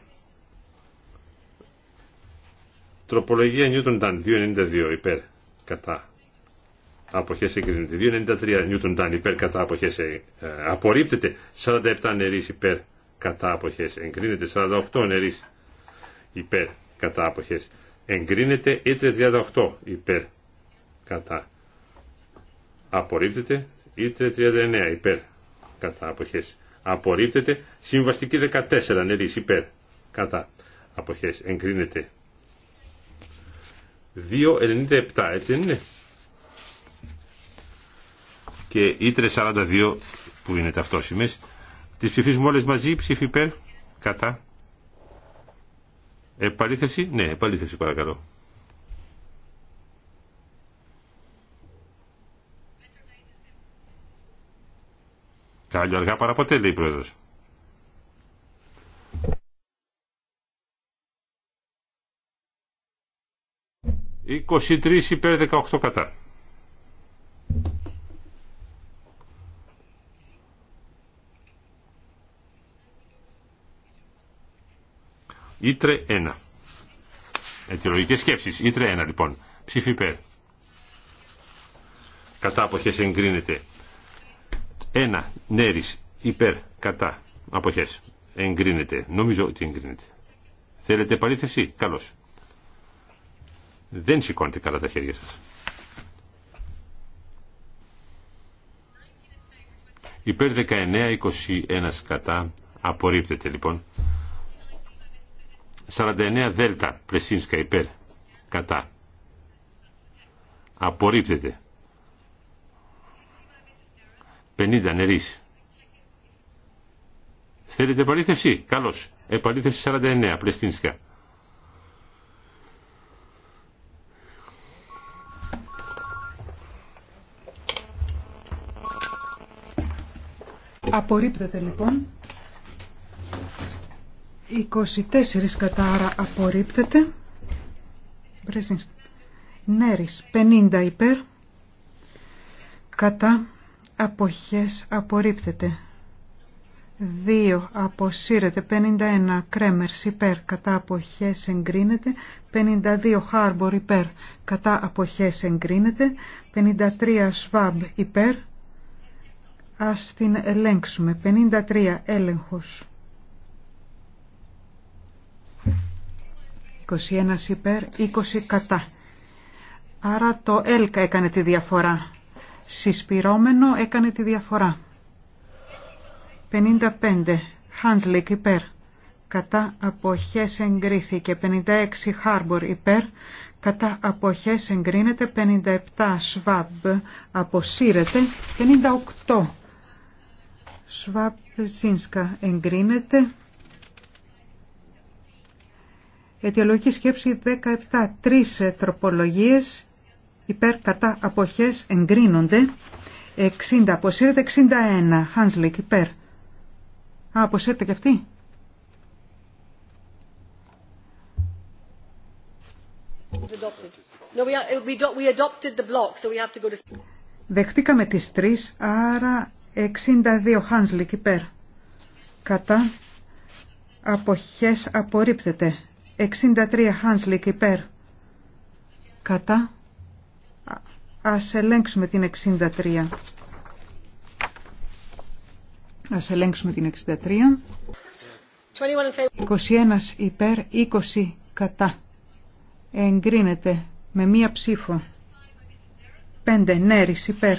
Τροπολογία Νιούτον ήταν 2,92 υπέρ κατά αποχές εγκρίνεται. 2,93 Νιούτον ήταν υπέρ κατά αποχές ε, ε απορρίπτεται. 47 νερίς υπέρ κατά αποχές εγκρίνεται. 48 νερίς υπέρ κατά αποχές εγκρίνεται. Ήτρε 38 υπέρ κατά απορρίπτεται. Ήτρε 39 υπέρ κατά αποχές απορρίπτεται. Συμβαστική 14 νερής υπέρ κατά αποχές εγκρίνεται. 2.97 έτσι δεν είναι. Και ή 42 που είναι ταυτόσιμες. Τις ψηφίζουμε όλες μαζί ψήφι υπέρ κατά. Επαλήθευση. Ναι επαλήθευση παρακαλώ. Καλό αργά παρά λέει η Πρόεδρος. 23 υπέρ 18 κατά. Ήτρε 1. Αιτιολογικές σκέψεις. Ήτρε 1 λοιπόν. Ψήφι υπέρ. Κατά αποχές εγκρίνεται. Ένα νέρι, υπέρ κατά αποχές. Εγκρίνεται. Νομίζω ότι εγκρίνεται. Θέλετε παρήθεση, Καλώς. Δεν σηκώνετε καλά τα χέρια σας. Υπέρ 19, 21 κατά. Απορρίπτεται λοιπόν. 49 δέλτα πλεσίνσκα υπέρ κατά. Απορρίπτεται. 50 νερίς. Θέλετε επαλήθευση. Καλώ. Επαλήθευση 49. Πλεστίνσκα. Απορρίπτεται λοιπόν. 24 κατάρα απορρίπτεται. Νέρις 50 υπέρ. Κατά αποχές απορρίπτεται. 2. Αποσύρεται 51 κρέμερ υπέρ κατά αποχές εγκρίνεται 52 χάρμπορ υπέρ κατά αποχές εγκρίνεται 53 σβάμπ υπέρ Ας την ελέγξουμε 53 έλεγχος 21 υπέρ 20 κατά Άρα το ΕΛΚΑ έκανε τη διαφορά συσπηρώμενο έκανε τη διαφορά. 55. Χάνσλικ υπέρ. Κατά αποχές εγκρίθηκε. 56. Χάρμπορ υπέρ. Κατά αποχές εγκρίνεται. 57. Σβάμπ αποσύρεται. 58. Σβάμπ Ζίνσκα εγκρίνεται. Αιτιολογική σκέψη 17. Τρεις τροπολογίες υπέρ κατά αποχές εγκρίνονται 60 αποσύρεται 61 Χάνσλικ υπέρ Α, αποσύρεται και αυτή. Δεχτήκαμε τις τρεις, άρα 62 Χάνσλικ υπέρ. Κατά αποχές απορρίπτεται. 63 Χάνσλικ υπέρ. Κατά Ας ελέγξουμε την 63. Ας ελέγξουμε την 63. 21 υπέρ, 20 κατά. Εγκρίνεται με μία ψήφο. 5 νέρις υπέρ.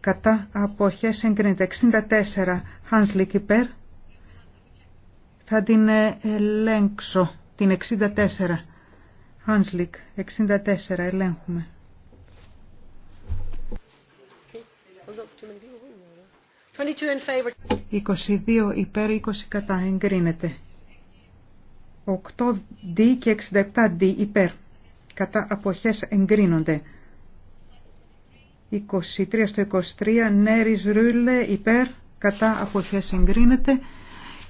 Κατά αποχές εγκρίνεται. 64 Χάνσλικ υπέρ. Θα την ε, ελέγξω. Την 64. Χάνσλικ, 64 ελέγχουμε. 22 υπέρ, 20 κατά. Εγκρίνεται. 8D και 67D υπέρ. Κατά αποχές εγκρίνονται. 23 στο 23, Νέρις Ρούλε υπέρ, κατά αποχές εγκρίνεται.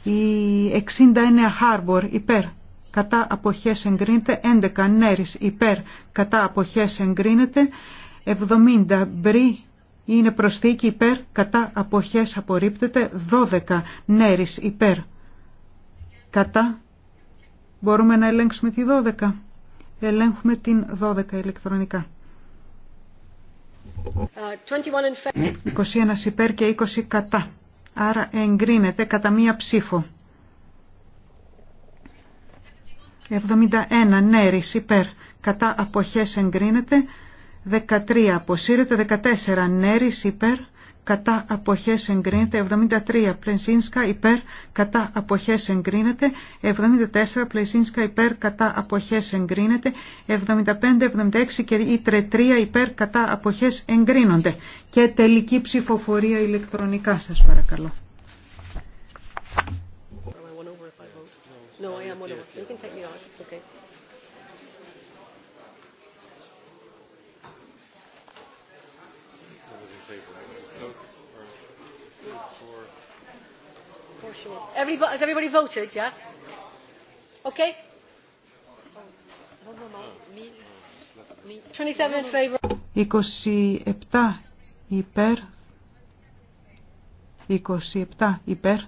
Η 69 Χάρμπορ υπέρ, κατά αποχές εγκρίνεται. 11 Νέρις υπέρ, κατά αποχές εγκρίνεται. 70 Μπρι είναι προσθήκη υπέρ, κατά αποχές απορρίπτεται. 12 νέρις υπέρ, κατά. Μπορούμε να ελέγξουμε τη 12. Ελέγχουμε την 12 ηλεκτρονικά. 21 υπέρ και 20 κατά. Άρα εγκρίνεται κατά μία ψήφο. 71 νέρις υπέρ κατά αποχές εγκρίνεται. 13 αποσύρεται, 14 Νέρι υπέρ, κατά αποχέ εγκρίνεται, 73 Πλενσίνσκα υπέρ, κατά αποχέ εγκρίνεται, 74 Πλενσίνσκα υπέρ, κατά αποχέ εγκρίνεται, 75, 76 και η τρετρία υπέρ, κατά αποχέ εγκρίνονται. Και τελική ψηφοφορία ηλεκτρονικά σα παρακαλώ. No, I am one of us. You can take me It's okay. 27 υπέρ 27 υπέρ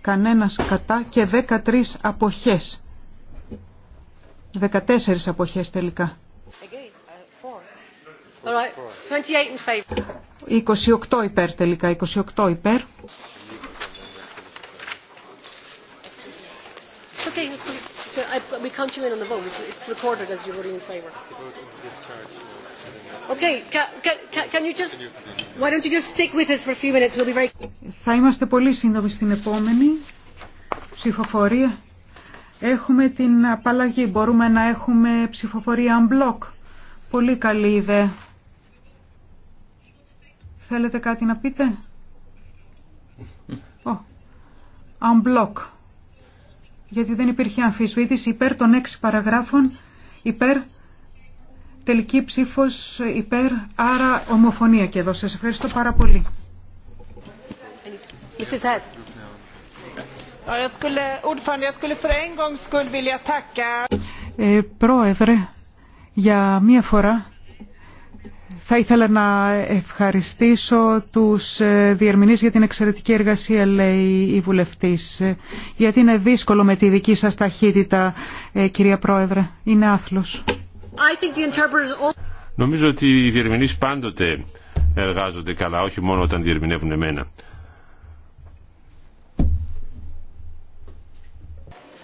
κανένας κατά και 13 αποχέ. 14 απόχέ τελικά 28 υπέρ τελικά, 28 υπέρ. Θα είμαστε πολύ σύντομοι στην επόμενη ψηφοφορία. Έχουμε την απαλλαγή. Μπορούμε να έχουμε ψηφοφορία unblock. Πολύ καλή ιδέα. Θέλετε κάτι να πείτε? unblock. Γιατί δεν υπήρχε αμφισβήτηση υπέρ των έξι παραγράφων, υπέρ τελική ψήφος, υπέρ, άρα ομοφωνία και εδώ. Σας ευχαριστώ πάρα πολύ. πρόεδρε, για μία φορά θα ήθελα να ευχαριστήσω τους ε, διερμηνείς για την εξαιρετική εργασία, λέει η βουλευτής. Γιατί είναι δύσκολο με τη δική σας ταχύτητα, ε, κυρία Πρόεδρε. Είναι άθλος. Νομίζω ότι οι διερμηνείς πάντοτε εργάζονται καλά, όχι μόνο όταν διερμηνεύουν εμένα.